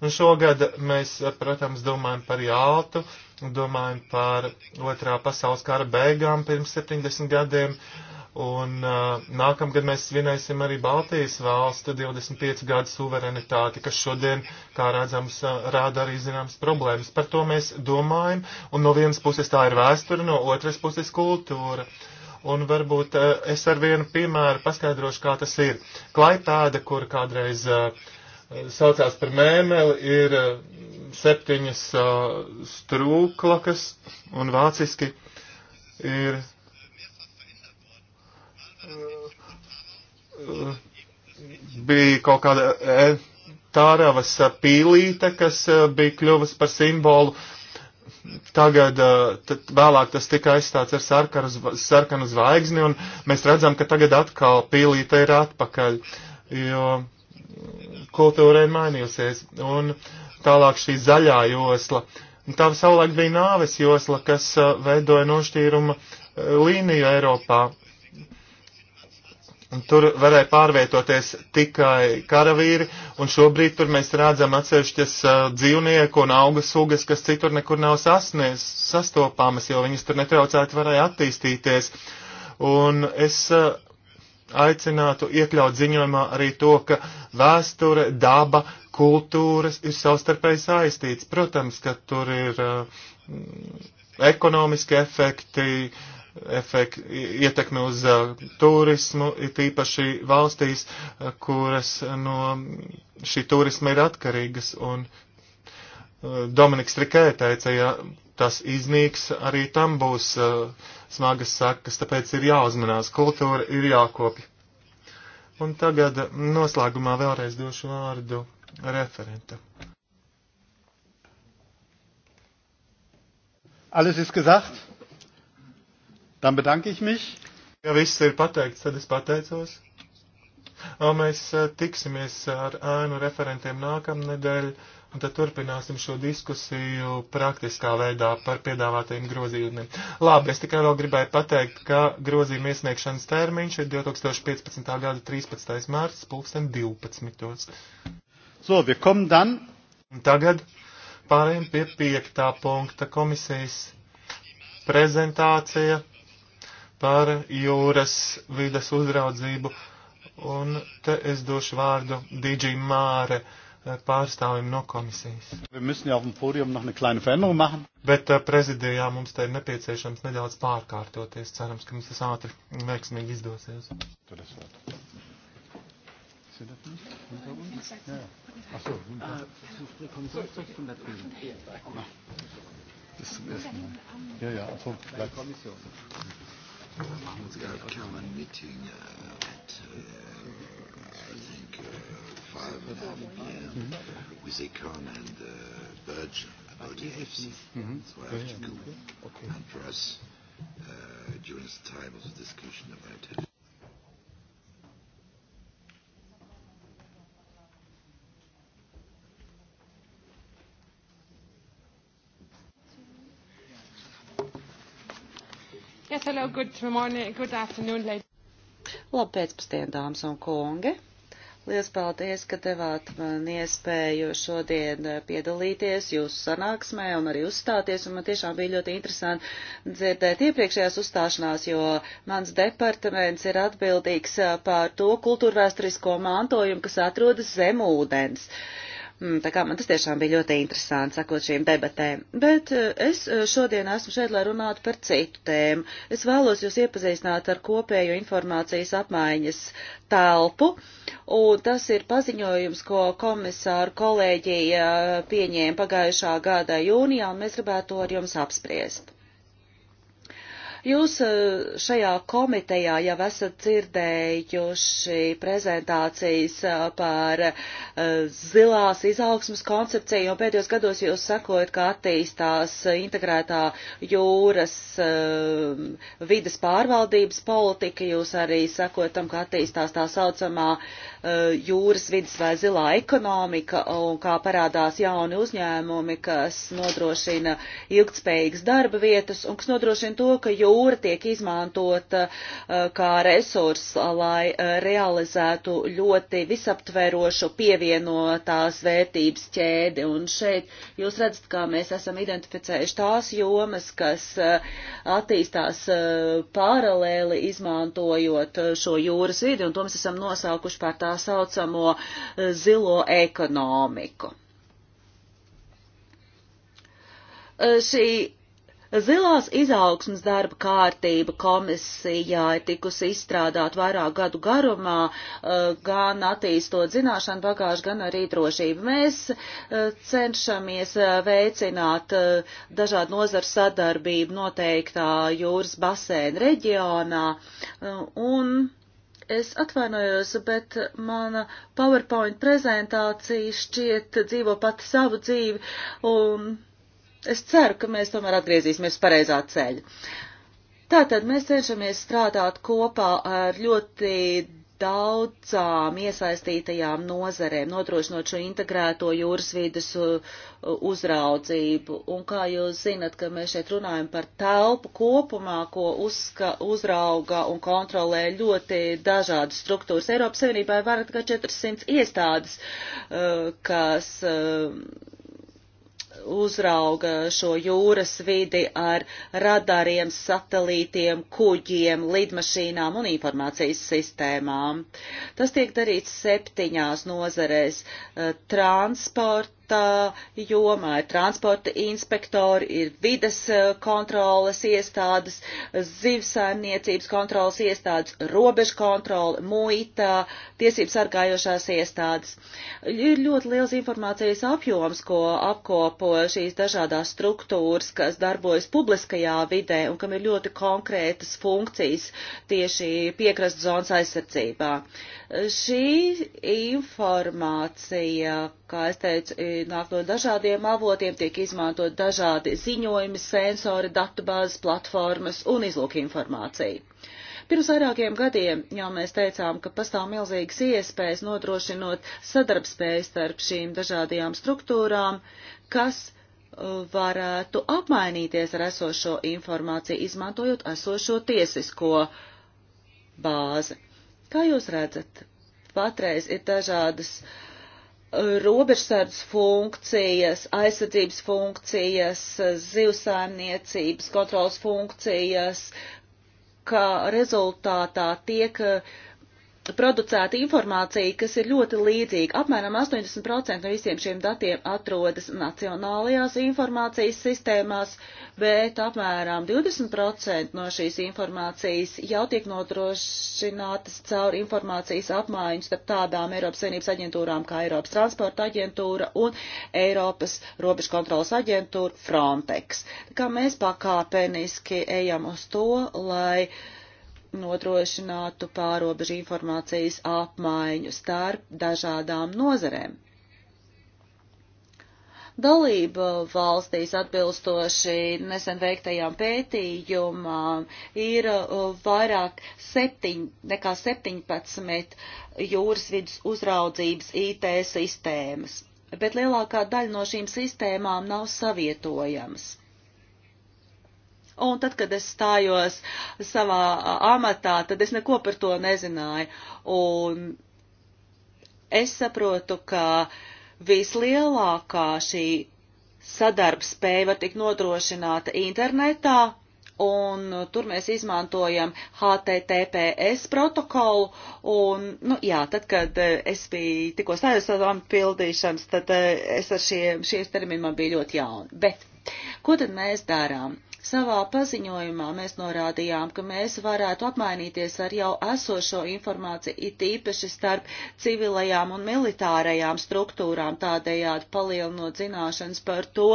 Speaker 1: Un šogad mēs, protams, domājam par Jāltu, domājam par otrā pasaules kara beigām pirms 70 gadiem, un uh, nākamgad mēs svinēsim arī Baltijas valstu 25 gadu suverenitāti, kas šodien, kā redzams, uh, rāda arī zināmas problēmas. Par to mēs domājam, un no vienas puses tā ir vēsture, no otras puses kultūra. Un varbūt uh, es ar vienu piemēru paskaidrošu, kā tas ir. Klaipēda, kur kādreiz uh, saucās par mēmeli, ir uh, septiņas strūklakas un vāciski ir bija kaut kāda e, tāravas pīlīte, kas bija kļuvusi par simbolu. Tagad, tad vēlāk tas tika aizstāts ar sarkanu, sarkanu zvaigzni, un mēs redzam, ka tagad atkal pīlīte ir atpakaļ, jo kultūra ir mainījusies. Un uh, tālāk šī zaļā josla. Tā savulaik bija nāves josla, kas uh, veidoja nošķīruma uh, līniju Eiropā. Tur varēja pārvietoties tikai karavīri, un šobrīd tur mēs redzam atsevišķas uh, dzīvnieku un auga sugas, kas citur nekur nav sasnies, sastopamas, jo viņas tur netraucēti varēja attīstīties. Un es aicinātu iekļaut ziņojumā arī to, ka vēsture, daba, kultūras ir savstarpēji saistīts. Protams, ka tur ir uh, ekonomiski efekti, efekt, ietekme uz uh, turismu, it īpaši valstīs, uh, kuras uh, no šī turisma ir atkarīgas. Un uh, Dominiks Trikē teica, ja tas iznīks, arī tam būs uh, smagas sakas, tāpēc ir jāuzmanās, kultūra ir jākopja. Un tagad noslēgumā vēlreiz došu vārdu referente. Alles ist gesagt. Dann bedanke ich mich. Ja, viss ir pateikts, tad es pateicos. Mēs eh, tiksimies ar ēnu referentiem nākamnedēļ, un tad turpināsim šo diskusiju praktiskā veidā par piedāvātajiem grozījumiem. Labi, es tikai vēl gribēju pateikt, ka grozījuma iesniegšanas termiņš ir 2015. gada 13. mārts, pulksten 12. So, wir kommen dann. Tagad pārējiem pie piektā punkta komisijas prezentācija par jūras vides uzraudzību. Un te es došu vārdu DJ Māre pārstāvim no komisijas. Bet eh, prezidijā mums te ir nepieciešams nedaudz pārkārtoties. Cerams, ka mums tas ātri veiksmīgi izdosies.
Speaker 3: Tur es varu. Ist er das nicht? Hinter uns? Ja. Achso, hinter. Der Kommissar spricht von da drüben. Das ist zum ersten Mal.
Speaker 1: Ja, ja, also bleibt.
Speaker 3: Kommission. Wir machen uns gerade auch ein Meeting at, uh, I think, uh, 5 and a half p.m. with Econ and uh, Burge about the AFC. Mm -hmm. So I have to go okay. and press uh, during the time of the discussion about it. Hello, good morning, good afternoon, ladies.
Speaker 2: Labu pēcpusdienu, dāmas un kungi. Lielas paldies, ka devāt man iespēju šodien piedalīties jūsu sanāksmē un arī uzstāties, un man tiešām bija ļoti interesanti dzirdēt iepriekšējās uzstāšanās, jo mans departaments ir atbildīgs par to kultūrvēsturisko mantojumu, kas atrodas zem ūdens. Uh, Mm, tā kā man tas tiešām bija ļoti interesanti sakot šīm debatēm. Bet eh, es eh, šodien esmu šeit, lai runātu par citu tēmu. Es vēlos jūs iepazīstināt ar kopējo informācijas apmaiņas telpu, un tas ir paziņojums, ko komisāru kolēģija eh, pieņēma pagājušā gada jūnijā, un mēs gribētu to ar jums apspriest. Jūs e, šajā komitejā jau esat dzirdējuši prezentācijas e, par e, zilās izaugsmas koncepciju, un pēdējos gados jūs sakojat, kā attīstās integrētā jūras vides pārvaldības politika, jūs arī sakojat tam, kā attīstās tā saucamā jūras vidas vai zilā ekonomika, un kā parādās jauni uzņēmumi, kas nodrošina ilgtspējīgas darba vietas, un kas nodrošina to, ka jūras jūra tiek izmantota eh, kā resurs, lai eh, realizētu ļoti visaptverošu pievienotās vērtības ķēdi. Un šeit jūs redzat, kā mēs esam identificējuši tās jomas, kas eh, attīstās paralēli izmantojot šo jūras vidi, un to mēs esam nosaukuši par tā saucamo zilo ekonomiku. Šī Zilās izaugsmas darba kārtība komisijā ir tikusi izstrādāt vairāk gadu garumā, eh, gan attīstot zināšanu bagāžu, gan arī drošību. Mēs eh, cenšamies eh, veicināt dažādu nozaru sadarbību noteiktā jūras basēna reģionā. Un es atvainojos, bet mana PowerPoint prezentācija šķiet dzīvo pati savu dzīvi. Un es ceru, ka mēs tomēr atgriezīsimies pareizā ceļa. Tātad mēs cenšamies strādāt kopā ar ļoti daudzām iesaistītajām nozarēm, nodrošinot šo integrēto jūras vidas uzraudzību. Un kā jūs zinat, ka mēs šeit runājam par telpu kopumā, ko uzska, uzrauga un kontrolē ļoti dažādas struktūras. Eiropas Savienībā ir vairāk kā 400 iestādes, uh, kas uh, uzrauga šo jūras vidi ar radariem, satelītiem, kuģiem, lidmašīnām un informācijas sistēmām. Tas tiek darīts septiņās nozarēs eh, - transports, transporta jomā, ir transporta inspektori, ir vides eh, kontrolas iestādes, zivsaimniecības kontrolas iestādes, robežu kontrola, muita, tiesības sargājošās iestādes. Ir ļoti liels informācijas apjoms, ko apkopo šīs dažādās struktūras, kas darbojas publiskajā vidē un kam ir ļoti konkrētas funkcijas tieši piekrastu zonas aizsardzībā. Šī informācija, kā es teicu, nāk no dažādiem avotiem, tiek izmantot dažādi ziņojumi, sensori, datubāzes, platformas un izlūk informācija. Pirms vairākiem gadiem jau mēs teicām, ka pastāv milzīgas iespējas nodrošinot sadarbspēju starp šīm dažādajām struktūrām, kas uh, varētu apmainīties ar esošo informāciju, izmantojot esošo tiesisko bāzi. Kā jūs redzat, patreiz ir dažādas uh, robežsardas funkcijas, aizsardzības funkcijas, uh, zivsaimniecības kontrolas funkcijas, kā rezultātā tiek uh, producēta informācija, kas ir ļoti līdzīga. Apmēram 80% no visiem šiem datiem atrodas nacionālajās informācijas sistēmās, bet apmēram 20% no šīs informācijas jau tiek nodrošinātas caur informācijas apmaiņu starp tādām Eiropas Savienības aģentūrām kā Eiropas transporta aģentūra un Eiropas robežu kontrolas aģentūra Frontex. Tā kā mēs pakāpeniski ejam uz to, lai uh, nodrošinātu pārobežu informācijas apmaiņu starp dažādām nozarēm. Dalība valstīs atbilstoši nesen veiktajām pētījumām ir uh, vairāk septiņ, nekā 17 jūras vidus uzraudzības IT sistēmas, bet lielākā daļa no šīm sistēmām nav savietojamas Un tad, kad es stājos savā amatā, tad es neko par to nezināju. Un es saprotu, ka vislielākā šī sadarbspēja var tikt nodrošināta internetā, un nu, tur mēs izmantojam HTTPS protokolu, un, nu, jā, tad, kad eh, es biju tikko stājus savām pildīšanas, tad eh, es ar šiem, šiem terminiem man bija ļoti jauni. Bet, ko tad mēs darām? Savā paziņojumā mēs norādījām, ka mēs varētu apmainīties ar jau esošo informāciju, it īpaši starp civilajām un militārajām struktūrām, tādējādi palielinot zināšanas par to,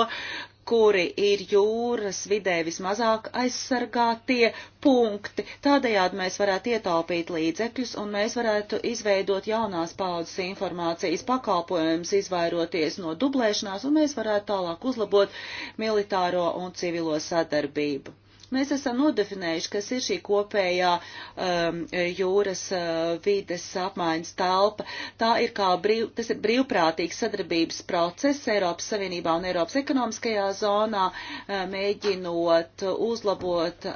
Speaker 2: kuri ir jūras vidē vismazāk aizsargātie punkti. Tādējādi mēs varētu ietaupīt līdzekļus un mēs varētu izveidot jaunās paudzes informācijas pakalpojumus, izvairoties no dublēšanās un mēs varētu tālāk uzlabot militāro un civilo sadarbību. Mēs esam nodefinējuši, kas ir šī kopējā um, jūras uh, vides apmaiņas telpa. Tā ir kā brīv, tas ir brīvprātīgs sadarbības process Eiropas Savienībā un Eiropas ekonomiskajā zonā, uh, mēģinot uzlabot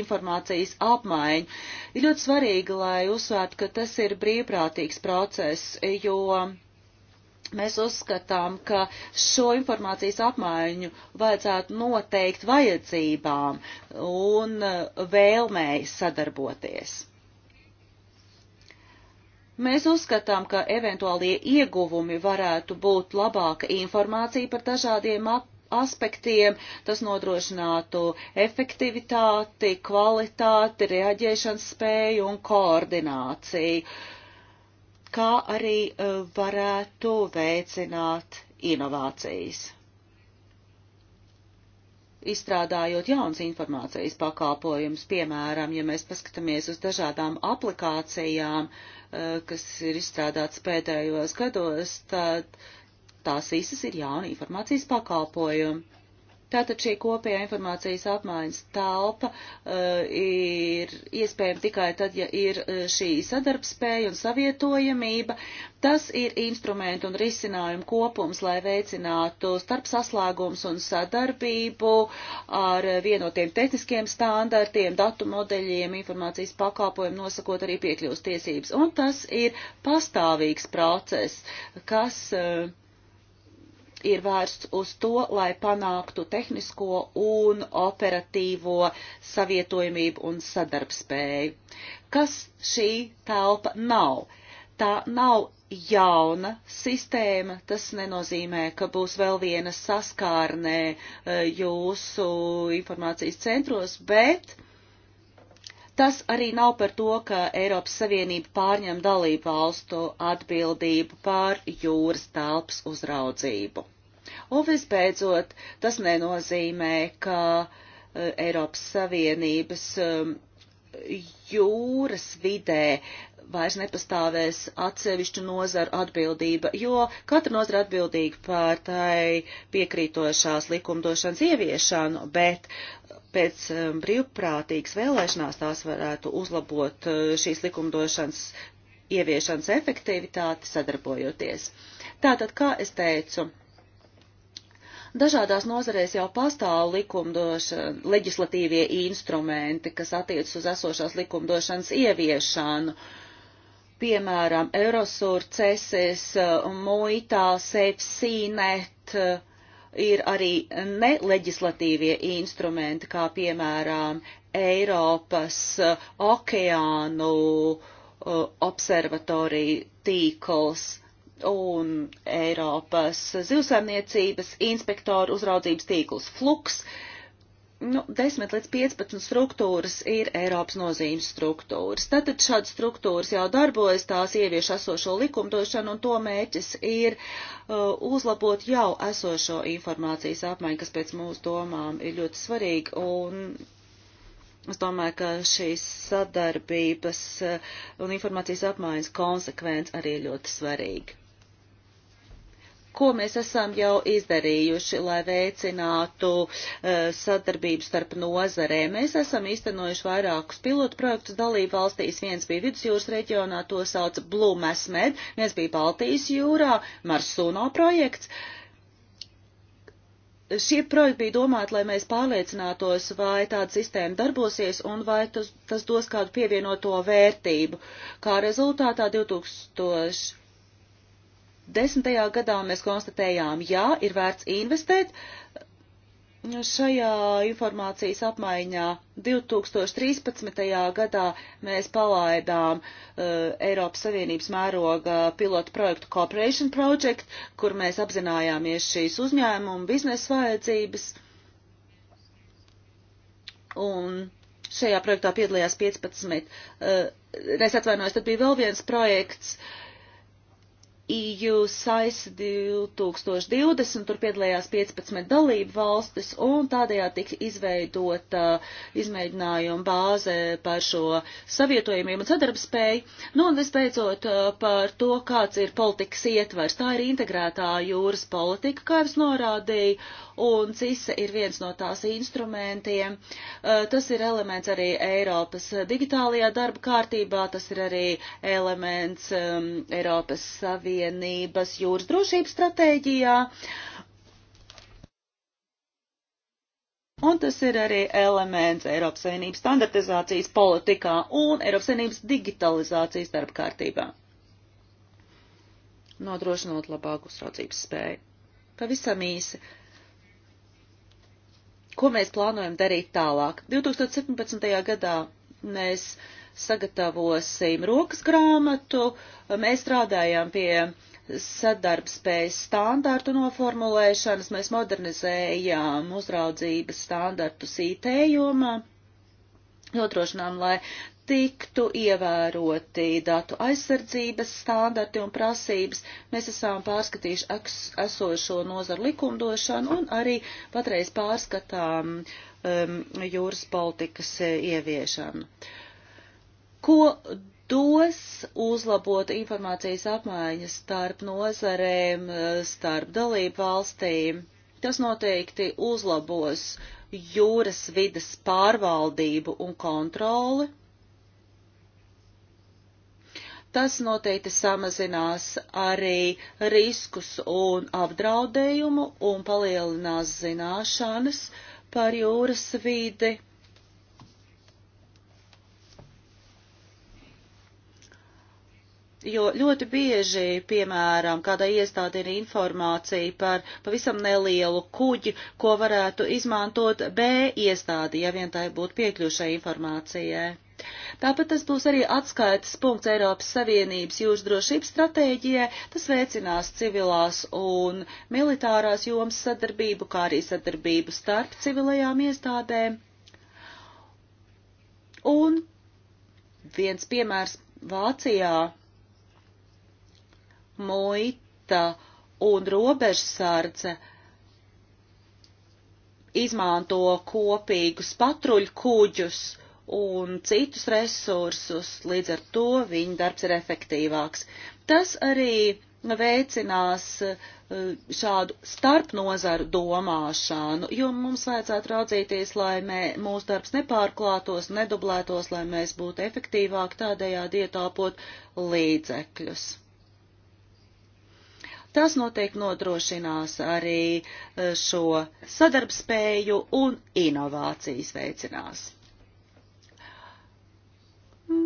Speaker 2: informācijas apmaiņu. Ir ļoti svarīgi, lai uzsvērtu, ka tas ir brīvprātīgs process, jo Mēs uzskatām, ka šo informācijas apmaiņu vajadzētu noteikt vajadzībām un uh, vēlmēji sadarboties. Mēs uzskatām, ka eventuālie ieguvumi varētu būt labāka informācija par dažādiem aspektiem, tas nodrošinātu efektivitāti, kvalitāti, reaģēšanas spēju un koordināciju kā arī e, varētu veicināt inovācijas izstrādājot jauns informācijas pakāpojums, piemēram, ja mēs paskatāmies uz dažādām aplikācijām, e, kas ir izstrādāts pēdējos gados, tad tās visas ir jauna informācijas pakāpojumi. Tātad šī kopējā informācijas apmaiņas telpa uh, ir iespējama tikai tad, ja ir eh, šī sadarbspēja un savietojamība. Tas ir instrumentu un risinājumu kopums, lai veicinātu starpsaslēgums un sadarbību ar vienotiem tehniskiem standartiem, datu modeļiem, informācijas pakāpojumu, nosakot arī piekļūst tiesības. Un tas ir pastāvīgs process, kas. Uh, ir vērsts uz to, lai panāktu tehnisko un operatīvo savietojamību un sadarbspēju. Kas šī telpa nav? Tā nav jauna sistēma, tas nenozīmē, ka būs vēl viena saskārnē eh, jūsu informācijas centros, bet uh, Tas arī nav par to, ka Eiropas Savienība pārņem dalību valstu atbildību pār jūras telpas uzraudzību. Un visbeidzot, tas nenozīmē, ka eh, Eiropas Savienības eh, jūras vidē vairs nepastāvēs atsevišķu nozaru atbildība, jo katra nozara atbildīga par tai piekrītošās likumdošanas ieviešanu, bet pēc um, brīvprātīgas vēlēšanās tās varētu uzlabot uh, šīs likumdošanas ieviešanas efektivitāti sadarbojoties. Tātad, kā es teicu, dažādās nozarēs jau pastāv likumdošana, leģislatīvie instrumenti, kas attiecas uz esošās likumdošanas ieviešanu piemēram, Eurosur, CESES, Muitā, SEPSINET, ir arī neleģislatīvie instrumenti, kā piemēram Eiropas uh, okeānu uh, observatoriju tīkls un Eiropas zivsaimniecības inspektoru uzraudzības tīkls Fluks, uh, nu, 10 līdz 15 struktūras ir Eiropas nozīmes struktūras. Tātad šādas struktūras jau darbojas, tās ievieš esošo likumdošanu, un to mērķis ir uh, uzlabot jau esošo informācijas apmaiņu, kas pēc mūsu domām ir ļoti svarīga. Un es domāju, ka šīs sadarbības uh, un informācijas apmaiņas konsekvence arī ir ļoti svarīga ko mēs esam jau izdarījuši, lai veicinātu eh, sadarbību starp nozarēm. Mēs esam iztenojuši vairākus pilotu projektus dalību valstīs. Viens bija vidusjūras reģionā, to sauc Blumasmed, viens bija Baltijas jūrā, Marsuno projekts. Šie projekti bija domāti, lai mēs pārliecinātos, vai tāda sistēma darbosies un vai tas, tas dos kādu pievienoto vērtību. Kā rezultātā 2000 desmitajā gadā mēs konstatējām, jā, ir vērts investēt. Šajā informācijas apmaiņā 2013. gadā mēs palaidām uh, Eiropas Savienības mēroga pilotu projektu Cooperation Project, kur mēs apzinājāmies šīs uzņēmumu biznesa vajadzības. Un šajā projektā piedalījās 15, uh, es atvainojos, tad bija vēl viens projekts, uh, EU SAIS 2020, tur piedalījās 15 dalību valstis, un tādējādi tika izveidota uh, izmēģinājuma bāze par šo savietojumiem un sadarbspēju. Nu, un visbeidzot uh, par to, kāds ir politikas ietvers. Tā ir integrētā jūras politika, kā es norādīju, un CISA ir viens no tās instrumentiem. Uh, tas ir elements arī Eiropas digitālajā darba kārtībā, tas ir arī elements um, Eiropas Savienības Savienības jūras drošības stratēģijā. Un tas ir arī elements Eiropas Savienības standartizācijas politikā un Eiropas Savienības digitalizācijas darba kārtībā, nodrošinot labāku uzraudzības spēju. Pavisam īsi. Ko mēs plānojam darīt tālāk? 2017. gadā mēs uh, sagatavosim rokas grāmatu. Mēs strādājām pie sadarbspējas standārtu noformulēšanas, mēs modernizējām uzraudzības standartus IT jomā, nodrošinām, lai tiktu ievēroti datu aizsardzības standarti un prasības. Mēs esam pārskatījuši esošo nozaru likumdošanu un arī patreiz pārskatām um, jūras politikas eh, ieviešanu. Uh, ko dos uzlabota informācijas apmaiņa starp nozarēm, starp dalību valstīm. Tas noteikti uzlabos jūras vidas pārvaldību un kontroli. Tas noteikti samazinās arī riskus un apdraudējumu un palielinās zināšanas par jūras vidi Jo ļoti bieži, piemēram, kādā iestādē ir informācija par pavisam nelielu kuģi, ko varētu izmantot B iestādi, ja vien tai būtu piekļušai informācijai. Tāpat tas būs arī atskaites punkts Eiropas Savienības jūras drošības stratēģijai, tas veicinās civilās un militārās jomas sadarbību, kā arī sadarbību starp civilajām iestādēm. Un viens piemērs Vācijā muita un robežsardze izmanto kopīgus patruļu kuģus un citus resursus, līdz ar to viņa darbs ir efektīvāks. Tas arī veicinās eh, šādu starpnozaru domāšanu, jo mums vajadzētu raudzīties, lai mē, mūsu darbs nepārklātos, nedublētos, lai mēs būtu efektīvāki tādējādi ietaupot līdzekļus. Tas noteikti nodrošinās arī e, šo sadarbspēju un inovācijas veicinās. Mm.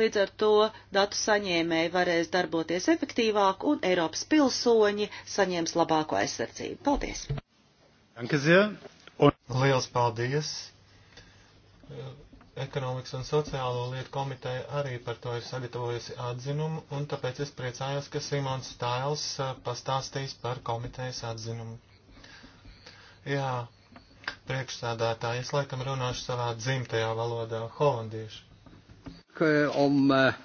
Speaker 2: Līdz ar to datu saņēmēji varēs darboties efektīvāk un Eiropas pilsoņi saņems labāko aizsardzību. Paldies!
Speaker 1: Liels paldies! Ekonomikas un sociālo lietu komiteja arī par to ir sagatavojusi atzinumu, un tāpēc es priecājos, ka Simons Stails uh, pastāstīs par komitejas atzinumu. Jā, priekšsādātāji, es laikam runāšu savā dzimtajā valodā, holandiešu.
Speaker 3: Eh, om uh,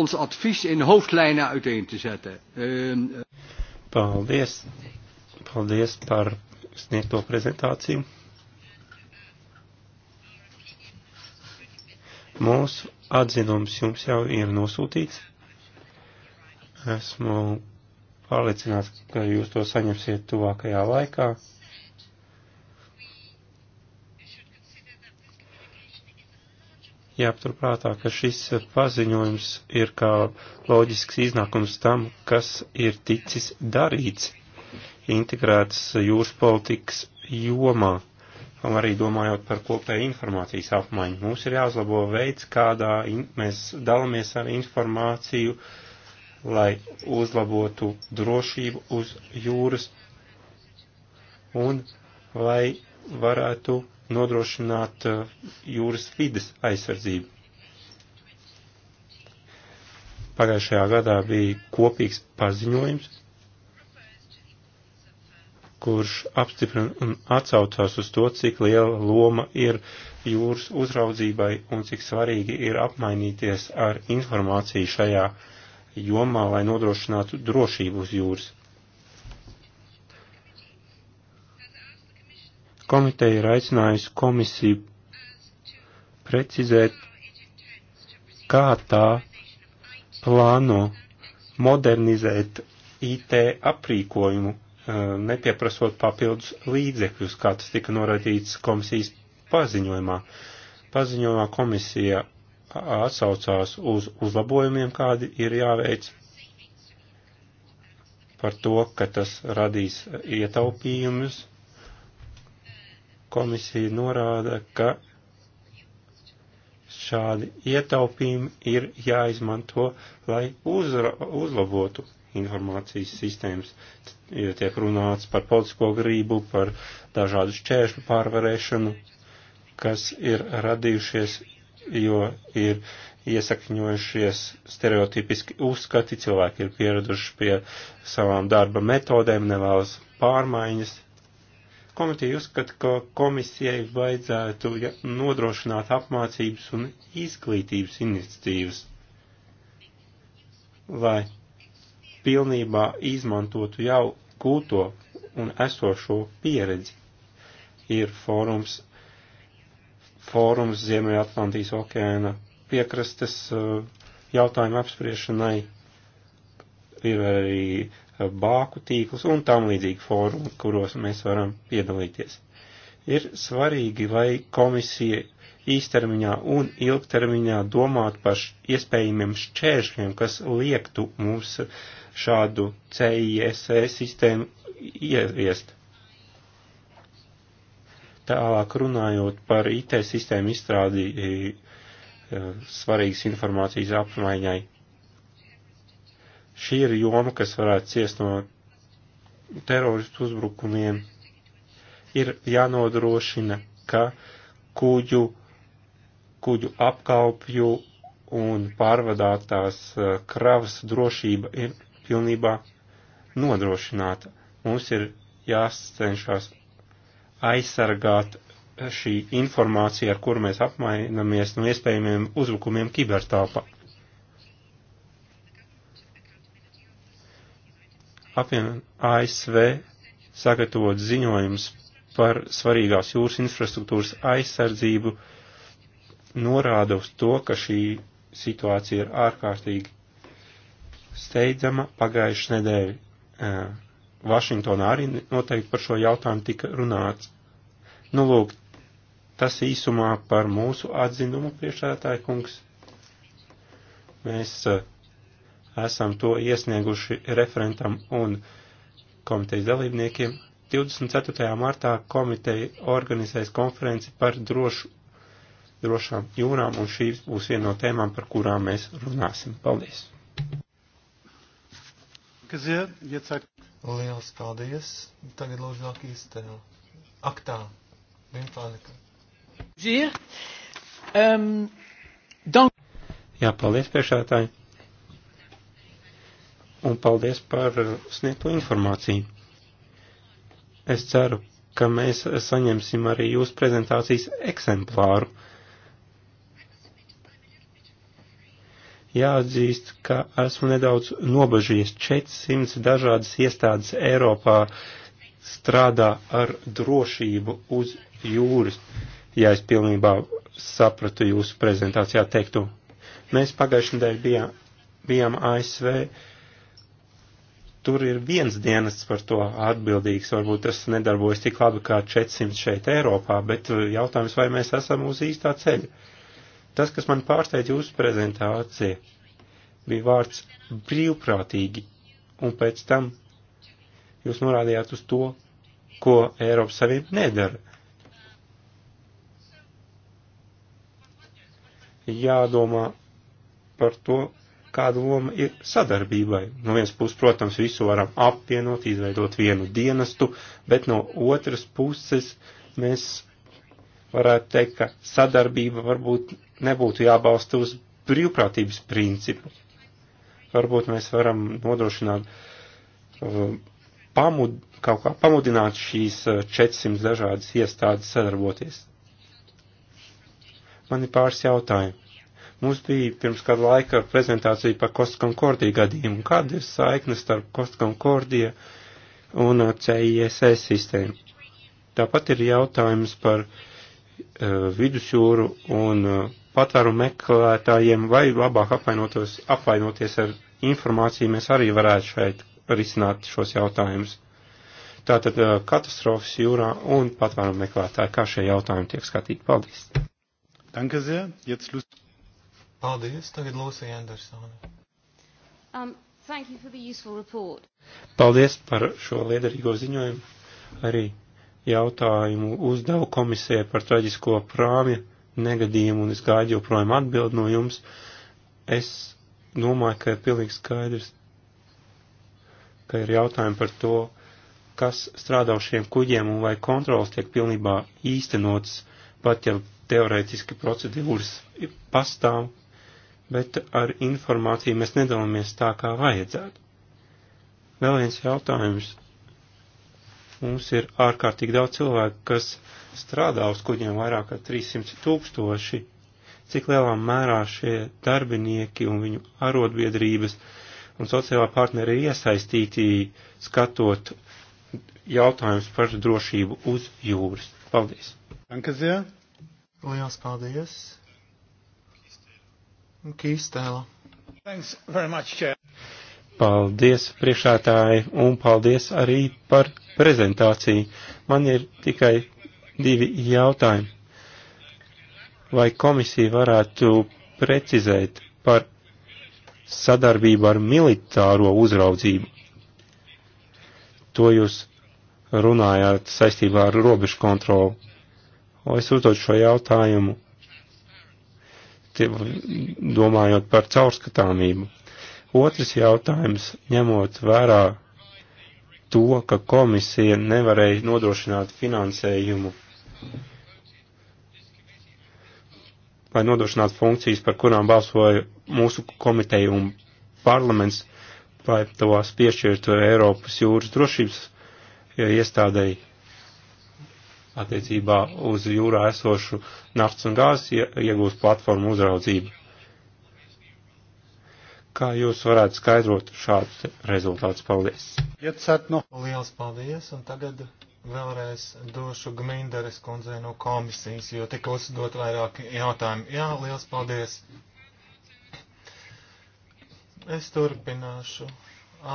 Speaker 3: ons advies in hoofdlijnen uiteen te zetten. Uh, Paldies. Paldies par sniegto prezentāciju. Mūsu atzinums jums jau ir nosūtīts. Esmu pārliecināts, ka jūs to saņemsiet tuvākajā laikā. Jāpaturprātā, ka šis paziņojums ir kā loģisks iznākums tam, kas ir ticis darīts integrētas jūras politikas jomā un arī domājot par kopēju informācijas apmaiņu. Mums ir jāuzlabo veids, kādā in, mēs dalamies ar informāciju, lai uzlabotu drošību uz jūras un lai varētu nodrošināt eh, jūras vides aizsardzību. Pagājušajā gadā bija kopīgs paziņojums kurš apstiprina un atsaucās uz to, cik liela loma ir jūras uzraudzībai un cik svarīgi ir apmainīties ar informāciju šajā jomā, lai nodrošinātu drošību uz jūras. Komiteja ir aicinājusi komisiju precizēt, kā tā plāno modernizēt IT aprīkojumu Uh, nepieprasot papildus līdzekļus, kā tas tika noraidīts komisijas paziņojumā. Paziņojumā komisija atsaucās uz uzlabojumiem, kādi ir jāveic par to, ka tas radīs ietaupījumus. Komisija norāda, ka šādi ietaupījumi ir jāizmanto, lai uzra, uzlabotu informācijas sistēmas, jo tiek runāts par politisko grību, par dažādu šķēršļu pārvarēšanu, kas ir radījušies, jo ir iesakņojušies stereotipiski uzskati, cilvēki ir pieraduši pie savām darba metodēm, nevēlas pārmaiņas. Komitija uzskata, ka komisijai vajadzētu nodrošināt apmācības un izglītības iniciatīvas, lai pilnībā izmantotu jau gūto un esošo pieredzi. Ir fórums, fórums Ziemeļatlantijas okeāna piekrastes eh, jautājumu apspriešanai, ir arī eh, bāku tīkls un tam līdzīgi fórumi, kuros mēs varam piedalīties. Ir svarīgi, lai komisija īstermiņā un ilgtermiņā domāt par iespējamiem šķēršļiem, kas liektu mums uh, šādu CISE sistēmu ieviest. Tālāk runājot par IT sistēmu izstrādi e, svarīgas informācijas apmaiņai. Šī ir joma, kas varētu ciest no teroristu uzbrukumiem. Ir jānodrošina, ka kuģu, kuģu apkalpju un pārvadātās e, kravas drošība ir pilnībā nodrošināta. Mums ir jācenšas aizsargāt šī informācija, ar kuru mēs apmainamies no iespējamiem uzbrukumiem kibertāpa. Apvien ASV sagatavot ziņojums par svarīgās jūras infrastruktūras aizsardzību norāda uz to, ka šī situācija ir ārkārtīgi steidzama pagājušajā nedēļā. Vašingtonā arī noteikti par šo jautājumu tika runāts. Nu, lūk, tas īsumā par mūsu atzinumu priekšētāju kungs. Mēs esam to iesnieguši referentam un komitejas dalībniekiem. 24. martā komiteja organizēs konferenci par drošu, drošām jūrām, un šīs būs viena no tēmām, par kurām mēs runāsim. Paldies!
Speaker 1: Lielas paldies. Tagad lūdzu nāk īstenā. Aktā. Limfānika.
Speaker 3: Um, don... Jā, paldies priekšētāji. Un paldies par sniegto informāciju. Es ceru, ka mēs saņemsim arī jūsu prezentācijas eksemplāru Jāatzīst, ka esmu nedaudz nobažījies. 400 dažādas iestādes Eiropā strādā ar drošību uz jūras, ja es pilnībā sapratu jūsu prezentācijā teikto. Mēs pagājušajā nedēļā bijām, bijām ASV, tur ir viens dienests par to atbildīgs, varbūt tas nedarbojas tik labi kā 400 šeit Eiropā, bet eh, jautājums, vai mēs esam uz īstā ceļa. Tas, kas man pārsteidz jūsu prezentācija, bija vārds brīvprātīgi, un pēc tam jūs norādījāt uz to, ko Eiropas Savienība nedara. Jādomā par to, kāda loma ir sadarbībai. No vienas puses, protams, visu varam apvienot, izveidot vienu dienestu, bet no otras puses mēs varētu teikt, ka sadarbība varbūt nebūtu jābalsta uz brīvprātības principu. Varbūt mēs varam nodrošināt uh, pamud, kaut kā pamudināt šīs 400 uh, dažādas iestādes sadarboties. Man ir pāris jautājumi. Mums bija pirms kāda laika prezentācija par Kostkonkordiju gadījumu. Kāda ir saikne starp Kostkonkordiju un uh, CISS sistēmu? Tāpat ir jautājums par uh, vidusjūru un uh, patvaru meklētājiem vai labāk apvainoties ar informāciju, mēs arī varētu šeit risināt šos jautājumus. Tātad eh, katastrofas jūrā un patvaru meklētāji, kā šie jautājumi tiek skatīti. Paldies!
Speaker 1: Danke sehr. Jetzt Lu Paldies, tagad Lūsija Andersona.
Speaker 3: Um, thank you for the useful report. Paldies par šo liederīgo ziņojumu. Arī jautājumu uzdevu komisijai par traģisko prāmju negadījumu, un es gaidu joprojām atbild no jums. Es domāju, ka ir pilnīgi skaidrs, ka ir jautājumi par to, kas strādā uz šiem kuģiem un vai kontrols tiek pilnībā īstenots, pat ja teorētiski procedūras pastāv, bet ar informāciju mēs nedalāmies tā, kā vajadzētu. Vēl viens jautājums Mums ir ārkārtīgi daudz cilvēku, kas strādā uz kuģiem vairāk kā 300 tūkstoši. Cik lielā mērā šie darbinieki un viņu arotbiedrības un sociālā partneri ir iesaistīti skatot jautājums par drošību uz jūras. Paldies!
Speaker 1: Ankazijā! Liels paldies! Kīstēla! Thanks very much, Chair.
Speaker 3: Paldies priekšētāji un paldies arī par prezentāciju. Man ir tikai divi jautājumi. Vai komisija varētu precizēt par sadarbību ar militāro uzraudzību? To jūs runājāt saistībā ar robežu kontroli. Es uzdot šo jautājumu, domājot par caurskatāmību Otrs jautājums, ņemot vērā to, ka komisija nevarēja nodrošināt finansējumu vai nodrošināt funkcijas, par kurām balsoja mūsu komiteja un parlaments, vai tās piešķirtu Eiropas jūras drošības iestādēji attiecībā uz jūrā esošu naftas un gāzes iegūst platformu uzraudzību. Kā jūs varētu skaidrot šādus rezultātus? Paldies!
Speaker 1: No... Liels paldies! Un tagad vēlreiz došu Gmindares kundzei no komisijas, jo tika uzdot vairāk jautājumu. Jā, liels paldies! Es turpināšu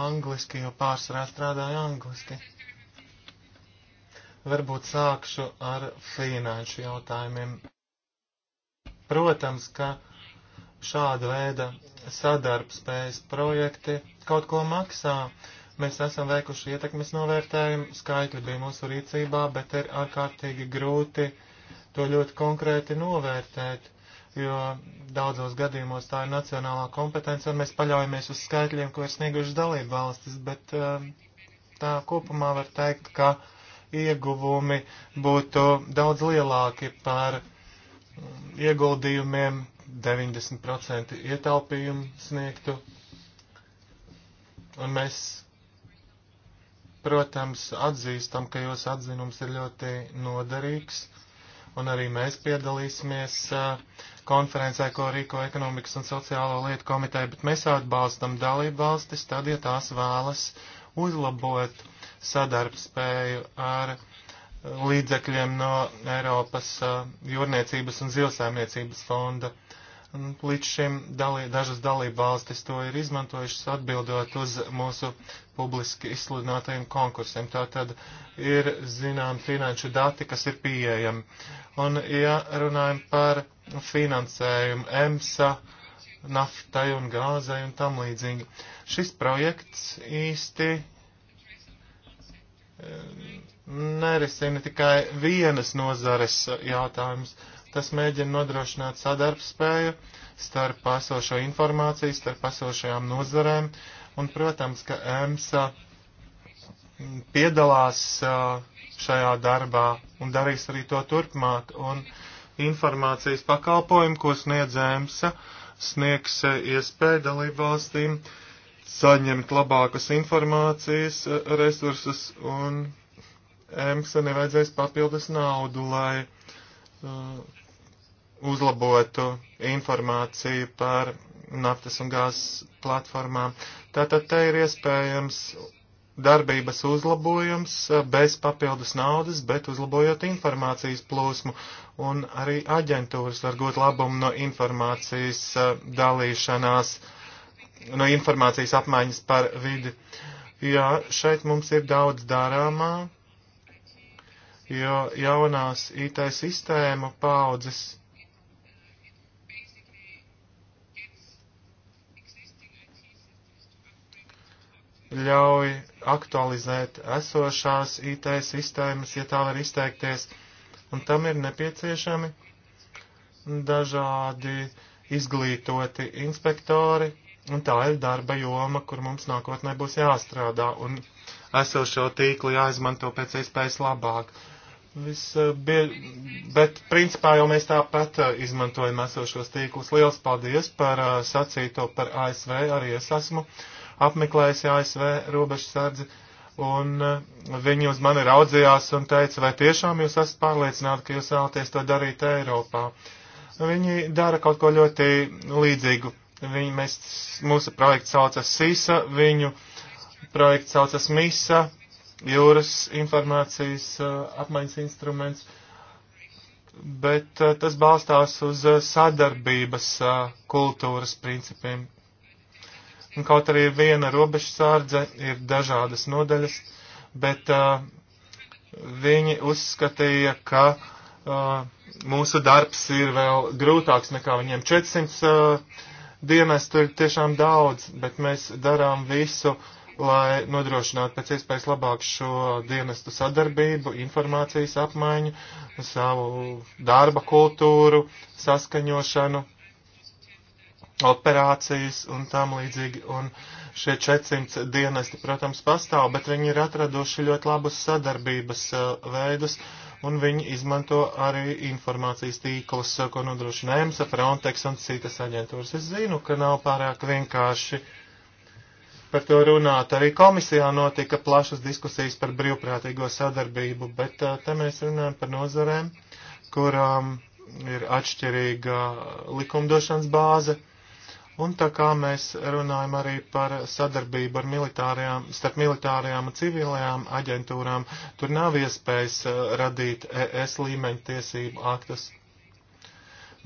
Speaker 1: angliski, jo pārsvarā strādāju angliski. Varbūt sākšu ar finanšu jautājumiem. Protams, ka šāda veida sadarbspējas projekti kaut ko maksā. Mēs esam veikuši ietekmes novērtējumu, skaitļi bija mūsu rīcībā, bet ir ārkārtīgi grūti to ļoti konkrēti novērtēt, jo daudzos gadījumos tā ir nacionālā kompetence, un mēs paļaujamies uz skaitļiem, ko ir snieguši dalību valstis, bet um, tā kopumā var teikt, ka ieguvumi būtu daudz lielāki par um, ieguldījumiem 90% ietaupījumu sniegtu. Un mēs, protams, atzīstam, ka jūsu atzinums ir ļoti noderīgs, un arī mēs piedalīsimies uh, konferencē, ko rīko Ekonomikas un sociālo lietu komiteja, bet mēs atbalstam dalību valstis, tad, ja tās vēlas uzlabot sadarbspēju ar līdzekļiem no Eiropas uh, jūrniecības un zilsēmniecības fonda. Līdz šim dalī, dažas dalība valstis to ir izmantojušas atbildot uz mūsu publiski izsludinātajiem konkursiem. Tātad ir zinām finanšu dati, kas ir pieejami. Un ja runājam par finansējumu EMSA, naftai un gāzai un tam līdzīgi, šis projekts īsti eh, nerisina tikai vienas nozares jautājumus Tas mēģina nodrošināt sadarbspēju starp esošo informāciju, starp esošajām nozarēm, un, protams, ka EMSA piedalās šajā darbā un darīs arī to turpmāk, un informācijas pakalpojumu, ko sniedz EMSA, sniegs iespēju dalību valstīm saņemt labākas informācijas resursus un EMSA nevajadzēs papildus naudu, lai uh, uzlabotu informāciju par naftas un gāzes platformām. Tātad te ir iespējams darbības uzlabojums bez papildus naudas, bet uzlabojot informācijas plūsmu, un arī aģentūras var gūt labumu no informācijas eh, dalīšanās, no informācijas apmaiņas par vidi. Jā, šeit mums ir daudz darāmā, jo jaunās IT sistēmu paudzes ļauj aktualizēt esošās IT sistēmas, ja tā var izteikties, un tam ir nepieciešami dažādi izglītoti inspektori, un tā ir darba joma, kur mums nākotnē būs jāstrādā, un esošo tīklu jāizmanto pēc iespējas labāk. Vis, eh, bet principā jau mēs tāpat eh, izmantojam esošos tīklus. Liels paldies par eh, sacīto par ASV, arī es esmu apmeklējusi ASV robežsardzi, un uh, viņi uz mani raudzījās un teica, vai tiešām jūs esat pārliecināti, ka jūs vēlaties to darīt Eiropā. Viņi dara kaut ko ļoti līdzīgu. Viņi, mēs, mūsu projekts saucas SISA, viņu projekts saucas MISA, jūras informācijas uh, apmaiņas instruments bet uh, tas balstās uz sadarbības kultūras principiem. Un kaut arī viena robežsārdze ir dažādas nodaļas, bet uh, viņi uzskatīja, ka uh, mūsu darbs ir vēl grūtāks nekā viņiem 400 uh, dienestu ir tiešām daudz, bet mēs darām visu, lai nodrošinātu pēc iespējas labāk šo dienestu sadarbību, informācijas apmaiņu, savu darba kultūru, saskaņošanu operācijas un tam līdzīgi. Un šie 400 dienesti, protams, pastāv, bet viņi ir atraduši ļoti labus sadarbības uh, veidus un viņi izmanto arī informācijas tīklus, uh, ko nodrošina EMSA, Frontex un citas aģentūras. Es zinu, ka nav pārāk vienkārši par to runāt. Arī komisijā notika plašas diskusijas par brīvprātīgo sadarbību, bet uh, te mēs runājam par nozarēm, kurām ir atšķirīga likumdošanas bāze Un tā kā mēs runājam arī par sadarbību ar militārajām, starp militārajām un civilajām aģentūrām, tur nav iespējas uh, radīt ES līmeņa tiesību aktas.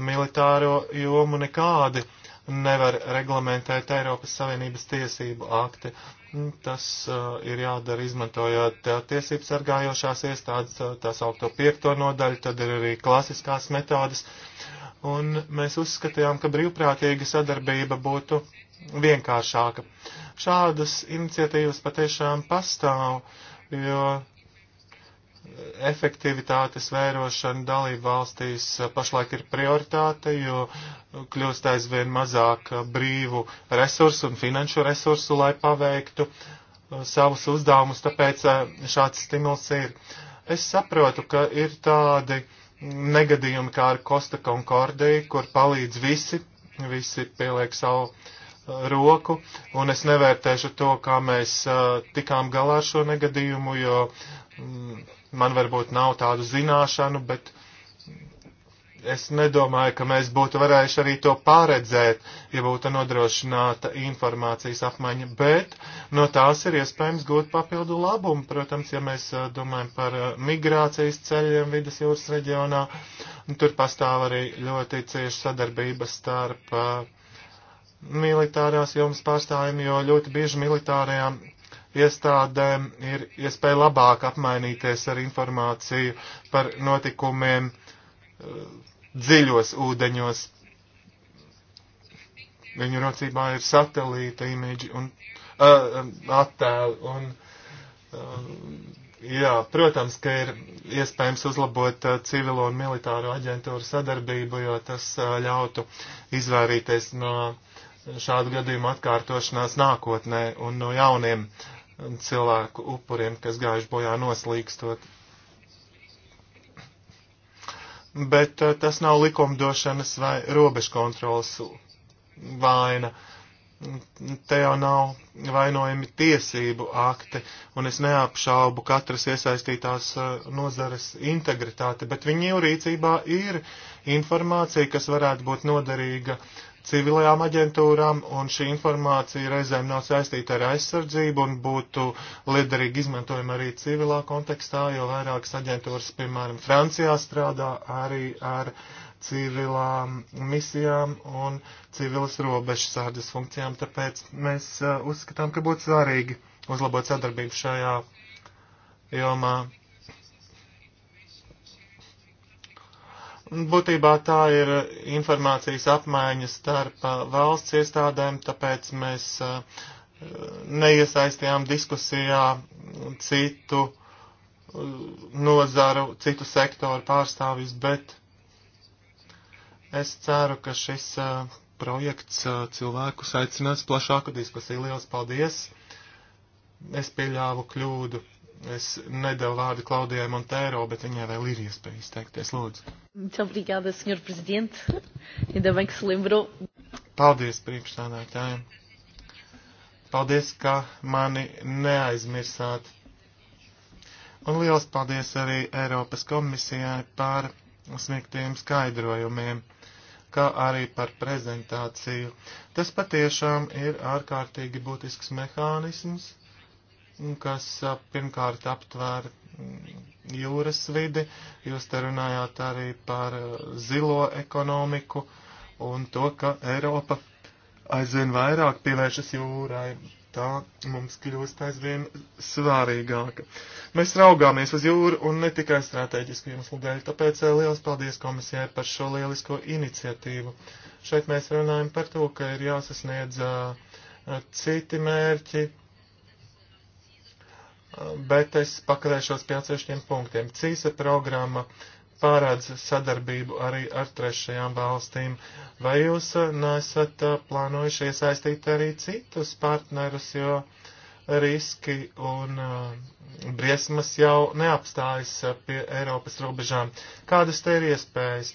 Speaker 1: Militāro jomu nekādi nevar reglamentēt Eiropas Savienības tiesību akti. Tas uh, ir jādara izmantojot uh, tiesības sargājošās iestādes, uh, tā saukto piekto nodaļu, tad ir arī klasiskās metodas. Uh, un mēs uzskatījām, ka brīvprātīga sadarbība būtu vienkāršāka. Šādas iniciatīvas patiešām pastāv, jo efektivitātes vērošana dalību valstīs pašlaik ir prioritāte, jo kļūst aizvien mazāk brīvu resursu un finanšu resursu, lai paveiktu savus uzdevumus, tāpēc šāds stimuls ir. Es saprotu, ka ir tādi uh, negadījumi kā ar Kosta Konkordiju, kur palīdz visi, visi pieliek savu eh, roku, un es nevērtēšu to, kā mēs uh, tikām galā ar šo negadījumu, jo mm, man varbūt nav tādu zināšanu, bet uh, Es nedomāju, ka mēs būtu varējuši arī to pārredzēt, ja būtu nodrošināta informācijas apmaiņa, bet no tās ir iespējams gūt papildu labumu. Protams, ja mēs domājam par migrācijas ceļiem vidas jūras reģionā, tur pastāv arī ļoti cieša sadarbība starp militārās jomas pārstāvjiem, jo ļoti bieži militārajām iestādēm ir iespēja labāk apmainīties ar informāciju par notikumiem dziļos ūdeņos. Viņu rocībā ir satelīta imidži un uh, attēli. Un, uh, jā, protams, ka ir iespējams uzlabot uh, civilo un militāro aģentūru sadarbību, jo tas uh, ļautu izvairīties no šādu gadījumu atkārtošanās nākotnē un no jauniem cilvēku upuriem, kas gājuši bojā noslīkstot bet eh, tas nav likumdošanas vai robežkontrolas vaina. Te jau nav vainojami tiesību akti, un es neapšaubu katras iesaistītās eh, nozares integritāti, bet viņu rīcībā ir informācija, kas varētu būt noderīga civilajām aģentūrām, un šī informācija reizēm nav saistīta ar aizsardzību un būtu liederīgi izmantojama arī civilā kontekstā, jo vairākas aģentūras, piemēram, Francijā strādā arī ar civilām misijām un civilas robežsardas funkcijām, tāpēc mēs uh, uzskatām, ka būtu svarīgi uzlabot sadarbību šajā jomā. Uh, Būtībā tā ir informācijas apmaiņa starp uh, valsts iestādēm, tāpēc mēs uh, neiesaistījām diskusijā citu uh, nozaru, citu sektoru pārstāvis, bet es ceru, ka šis projekts cilvēkus aicinās plašāku diskusiju. Lielas paldies! Es pieļāvu kļūdu. Es nedevu vārdu Klaudijai Montēro, bet viņai vēl ir iespēja izteikties. Lūdzu.
Speaker 2: Obrigada, senhor presidente. Ainda bem que se lembrou.
Speaker 1: Paldies priekšstādātājiem. Paldies, ka mani neaizmirsāt. Un liels paldies arī Eiropas komisijai par sniegtiem skaidrojumiem, kā arī par prezentāciju. Tas patiešām ir ārkārtīgi būtisks mehānisms kas pirmkārt aptvēr mm, jūras vidi, jūs te runājāt arī par zilo ekonomiku un to, ka Eiropa aizvien vairāk pievēršas jūrai. Tā mums kļūst aizvien svārīgāka. Mēs raugāmies uz jūru un ne tikai strateģisku iemeslu dēļ, tāpēc liels paldies komisijai par šo lielisko iniciatīvu. Šeit mēs runājam par to, ka ir jāsasniedz uh, citi mērķi, bet es pakarēšos pie atsevišķiem punktiem. CISA programma pārādz sadarbību arī ar trešajām valstīm. Vai jūs eh, nesat eh, plānojuši iesaistīt arī citus partnerus, jo riski un eh, briesmas jau neapstājas pie Eiropas robežām? Kādas te ir iespējas?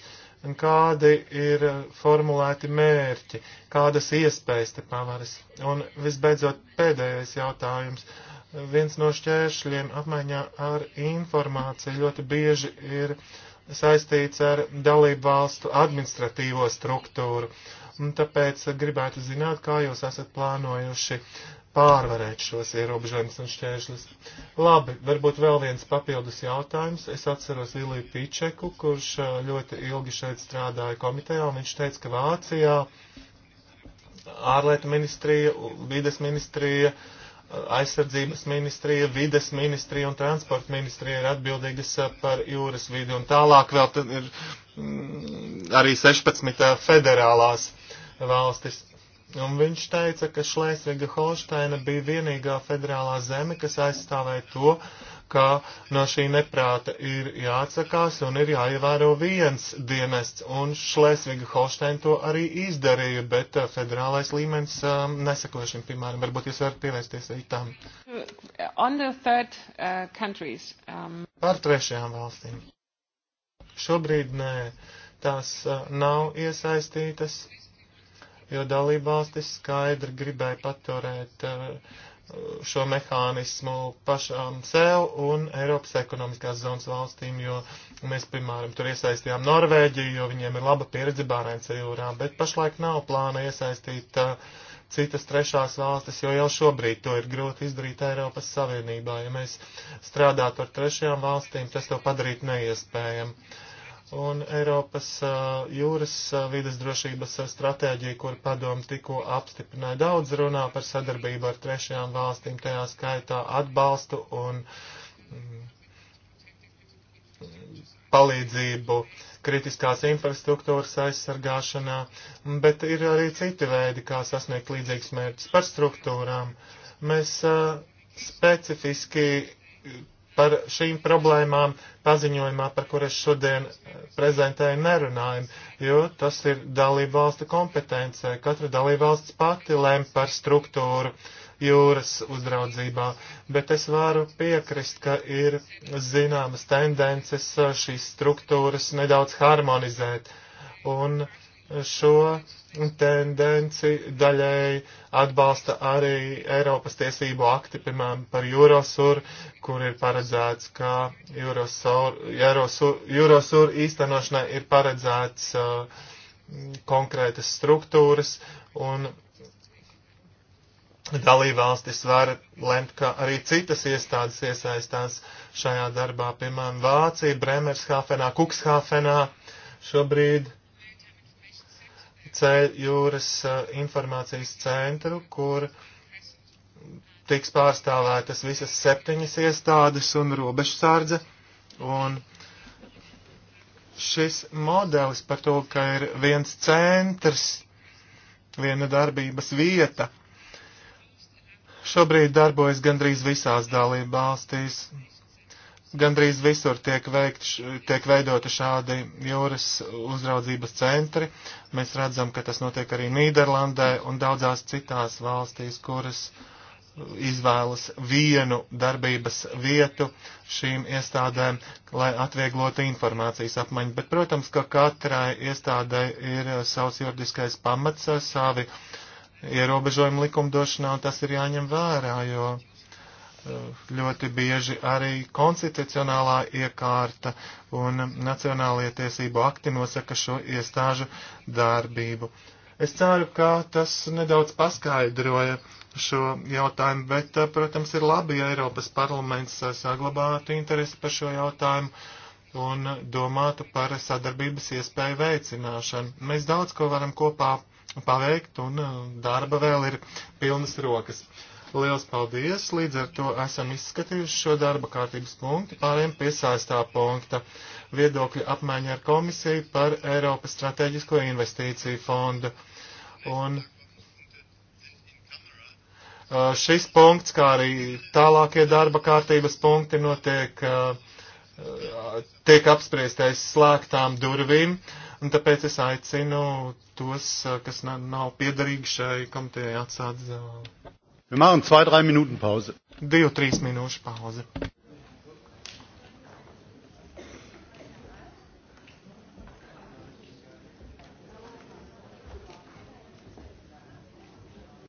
Speaker 1: Kādi ir formulēti mērķi? Kādas iespējas te pavaras? Un visbeidzot pēdējais jautājums. Uh, Viens no šķēršļiem apmaiņā ar informāciju ļoti bieži ir saistīts ar dalību valstu administratīvo struktūru. Un tāpēc gribētu zināt, kā jūs esat plānojuši pārvarēt šos ierobežojumus un šķēršļus. Labi, varbūt vēl viens papildus jautājums. Es atceros Viliju Pičeku, kurš ļoti ilgi šeit strādāja komitejā, un viņš teica, ka Vācijā ārlietu ministrija, vides ministrija, uh, aizsardzības ministrija, vides ministrija un transporta ministrija ir atbildīgas uh, par jūras vidi, un tālāk vēl ir mm, arī 16 uh, federālās valstis. Un viņš teica, ka Šlēsviga Holšteina bija vienīgā federālā zeme, kas aizstāvēja to, ka no šī neprāta ir jāatsakās un ir jāievēro viens dienests, un Šlēsviga Holštein to arī izdarīja, bet uh, federālais līmenis um, neseko šim, piemēram, varbūt jūs varat pievērsties arī tam.
Speaker 3: Uh, third,
Speaker 1: uh, um... Par trešajām valstīm. Šobrīd nē, tās uh, nav iesaistītas, jo dalībvalstis skaidri gribēja paturēt uh, šo mehānismu pašām sev un Eiropas ekonomiskās zonas valstīm, jo mēs, piemēram, tur iesaistījām Norvēģiju, jo viņiem ir laba pieredze Bārēnce jūrā, bet pašlaik nav plāna iesaistīt uh, citas trešās valstis, jo jau šobrīd to ir grūti izdarīt Eiropas Savienībā. Ja mēs strādātu ar trešajām valstīm, tas to padarīt neiespējami. Uh, un Eiropas uh, jūras uh, vidas drošības uh, stratēģija, kur padomu tikko apstiprināja daudz runā par sadarbību ar trešajām valstīm, tajā skaitā atbalstu un mm, palīdzību kritiskās infrastruktūras aizsargāšanā, bet ir arī citi veidi, kā sasniegt līdzīgs mērķis par struktūrām. Mēs specifiski par šīm problēmām paziņojumā, par kur es šodien eh, prezentēju, nerunājam, jo tas ir dalību valstu kompetence. Katra dalību valsts pati lem par struktūru jūras uzraudzībā, bet es varu piekrist, ka ir zināmas tendences eh, šīs struktūras nedaudz harmonizēt. Un uh, šo tendenci daļēji atbalsta arī Eiropas tiesību akti, piemēram, par Eurosur, kur ir paredzēts, ka Eurosur, Eurosur, Eurosur īstenošanai ir paredzēts uh, konkrētas struktūras un dalībvalstis var lemt, ka arī citas iestādes iesaistās šajā darbā, piemēram, Vācija, Bremershāfenā, Kukshāfenā šobrīd ceļ, jūras eh, informācijas centru, kur tiks pārstāvētas visas septiņas iestādes un robežsārdze. Un šis modelis par to, ka ir viens centrs, viena darbības vieta, šobrīd darbojas gandrīz visās dalība valstīs. Gandrīz visur tiek, veikt, tiek veidoti šādi jūras uzraudzības centri. Mēs redzam, ka tas notiek arī Nīderlandē un daudzās citās valstīs, kuras izvēlas vienu darbības vietu šīm iestādēm, lai atvieglotu informācijas apmaiņu. Bet, protams, ka katrai iestādai ir savs juridiskais pamats, savi ierobežojumi likumdošanā, un tas ir jāņem vērā, jo ļoti bieži arī konstitucionālā iekārta un nacionālie tiesību akti nosaka šo iestāžu darbību. Es ceru, ka tas nedaudz paskaidroja šo jautājumu, bet, eh, protams, ir labi, ja Eiropas parlaments eh, saglabātu interesi par šo jautājumu un domātu par sadarbības iespēju veicināšanu. Mēs daudz ko varam kopā paveikt un eh, darba vēl ir pilnas rokas. Liels paldies! Līdz ar to esam izskatījuši šo darba kārtības punktu, pāriem pie sāstā punkta - viedokļa apmaiņa ar komisiju par Eiropas strateģisko investīciju fondu. Un šis punkts, kā arī tālākie darba kārtības punkti, notiek, tiek apspriestais slēgtām durvīm, un tāpēc es aicinu tos, kas nav piedarīgi šai komitejai, atstāt zāli. Wir machen zwei, drei Minuten Pause. Divu, trīs minūšu pauze.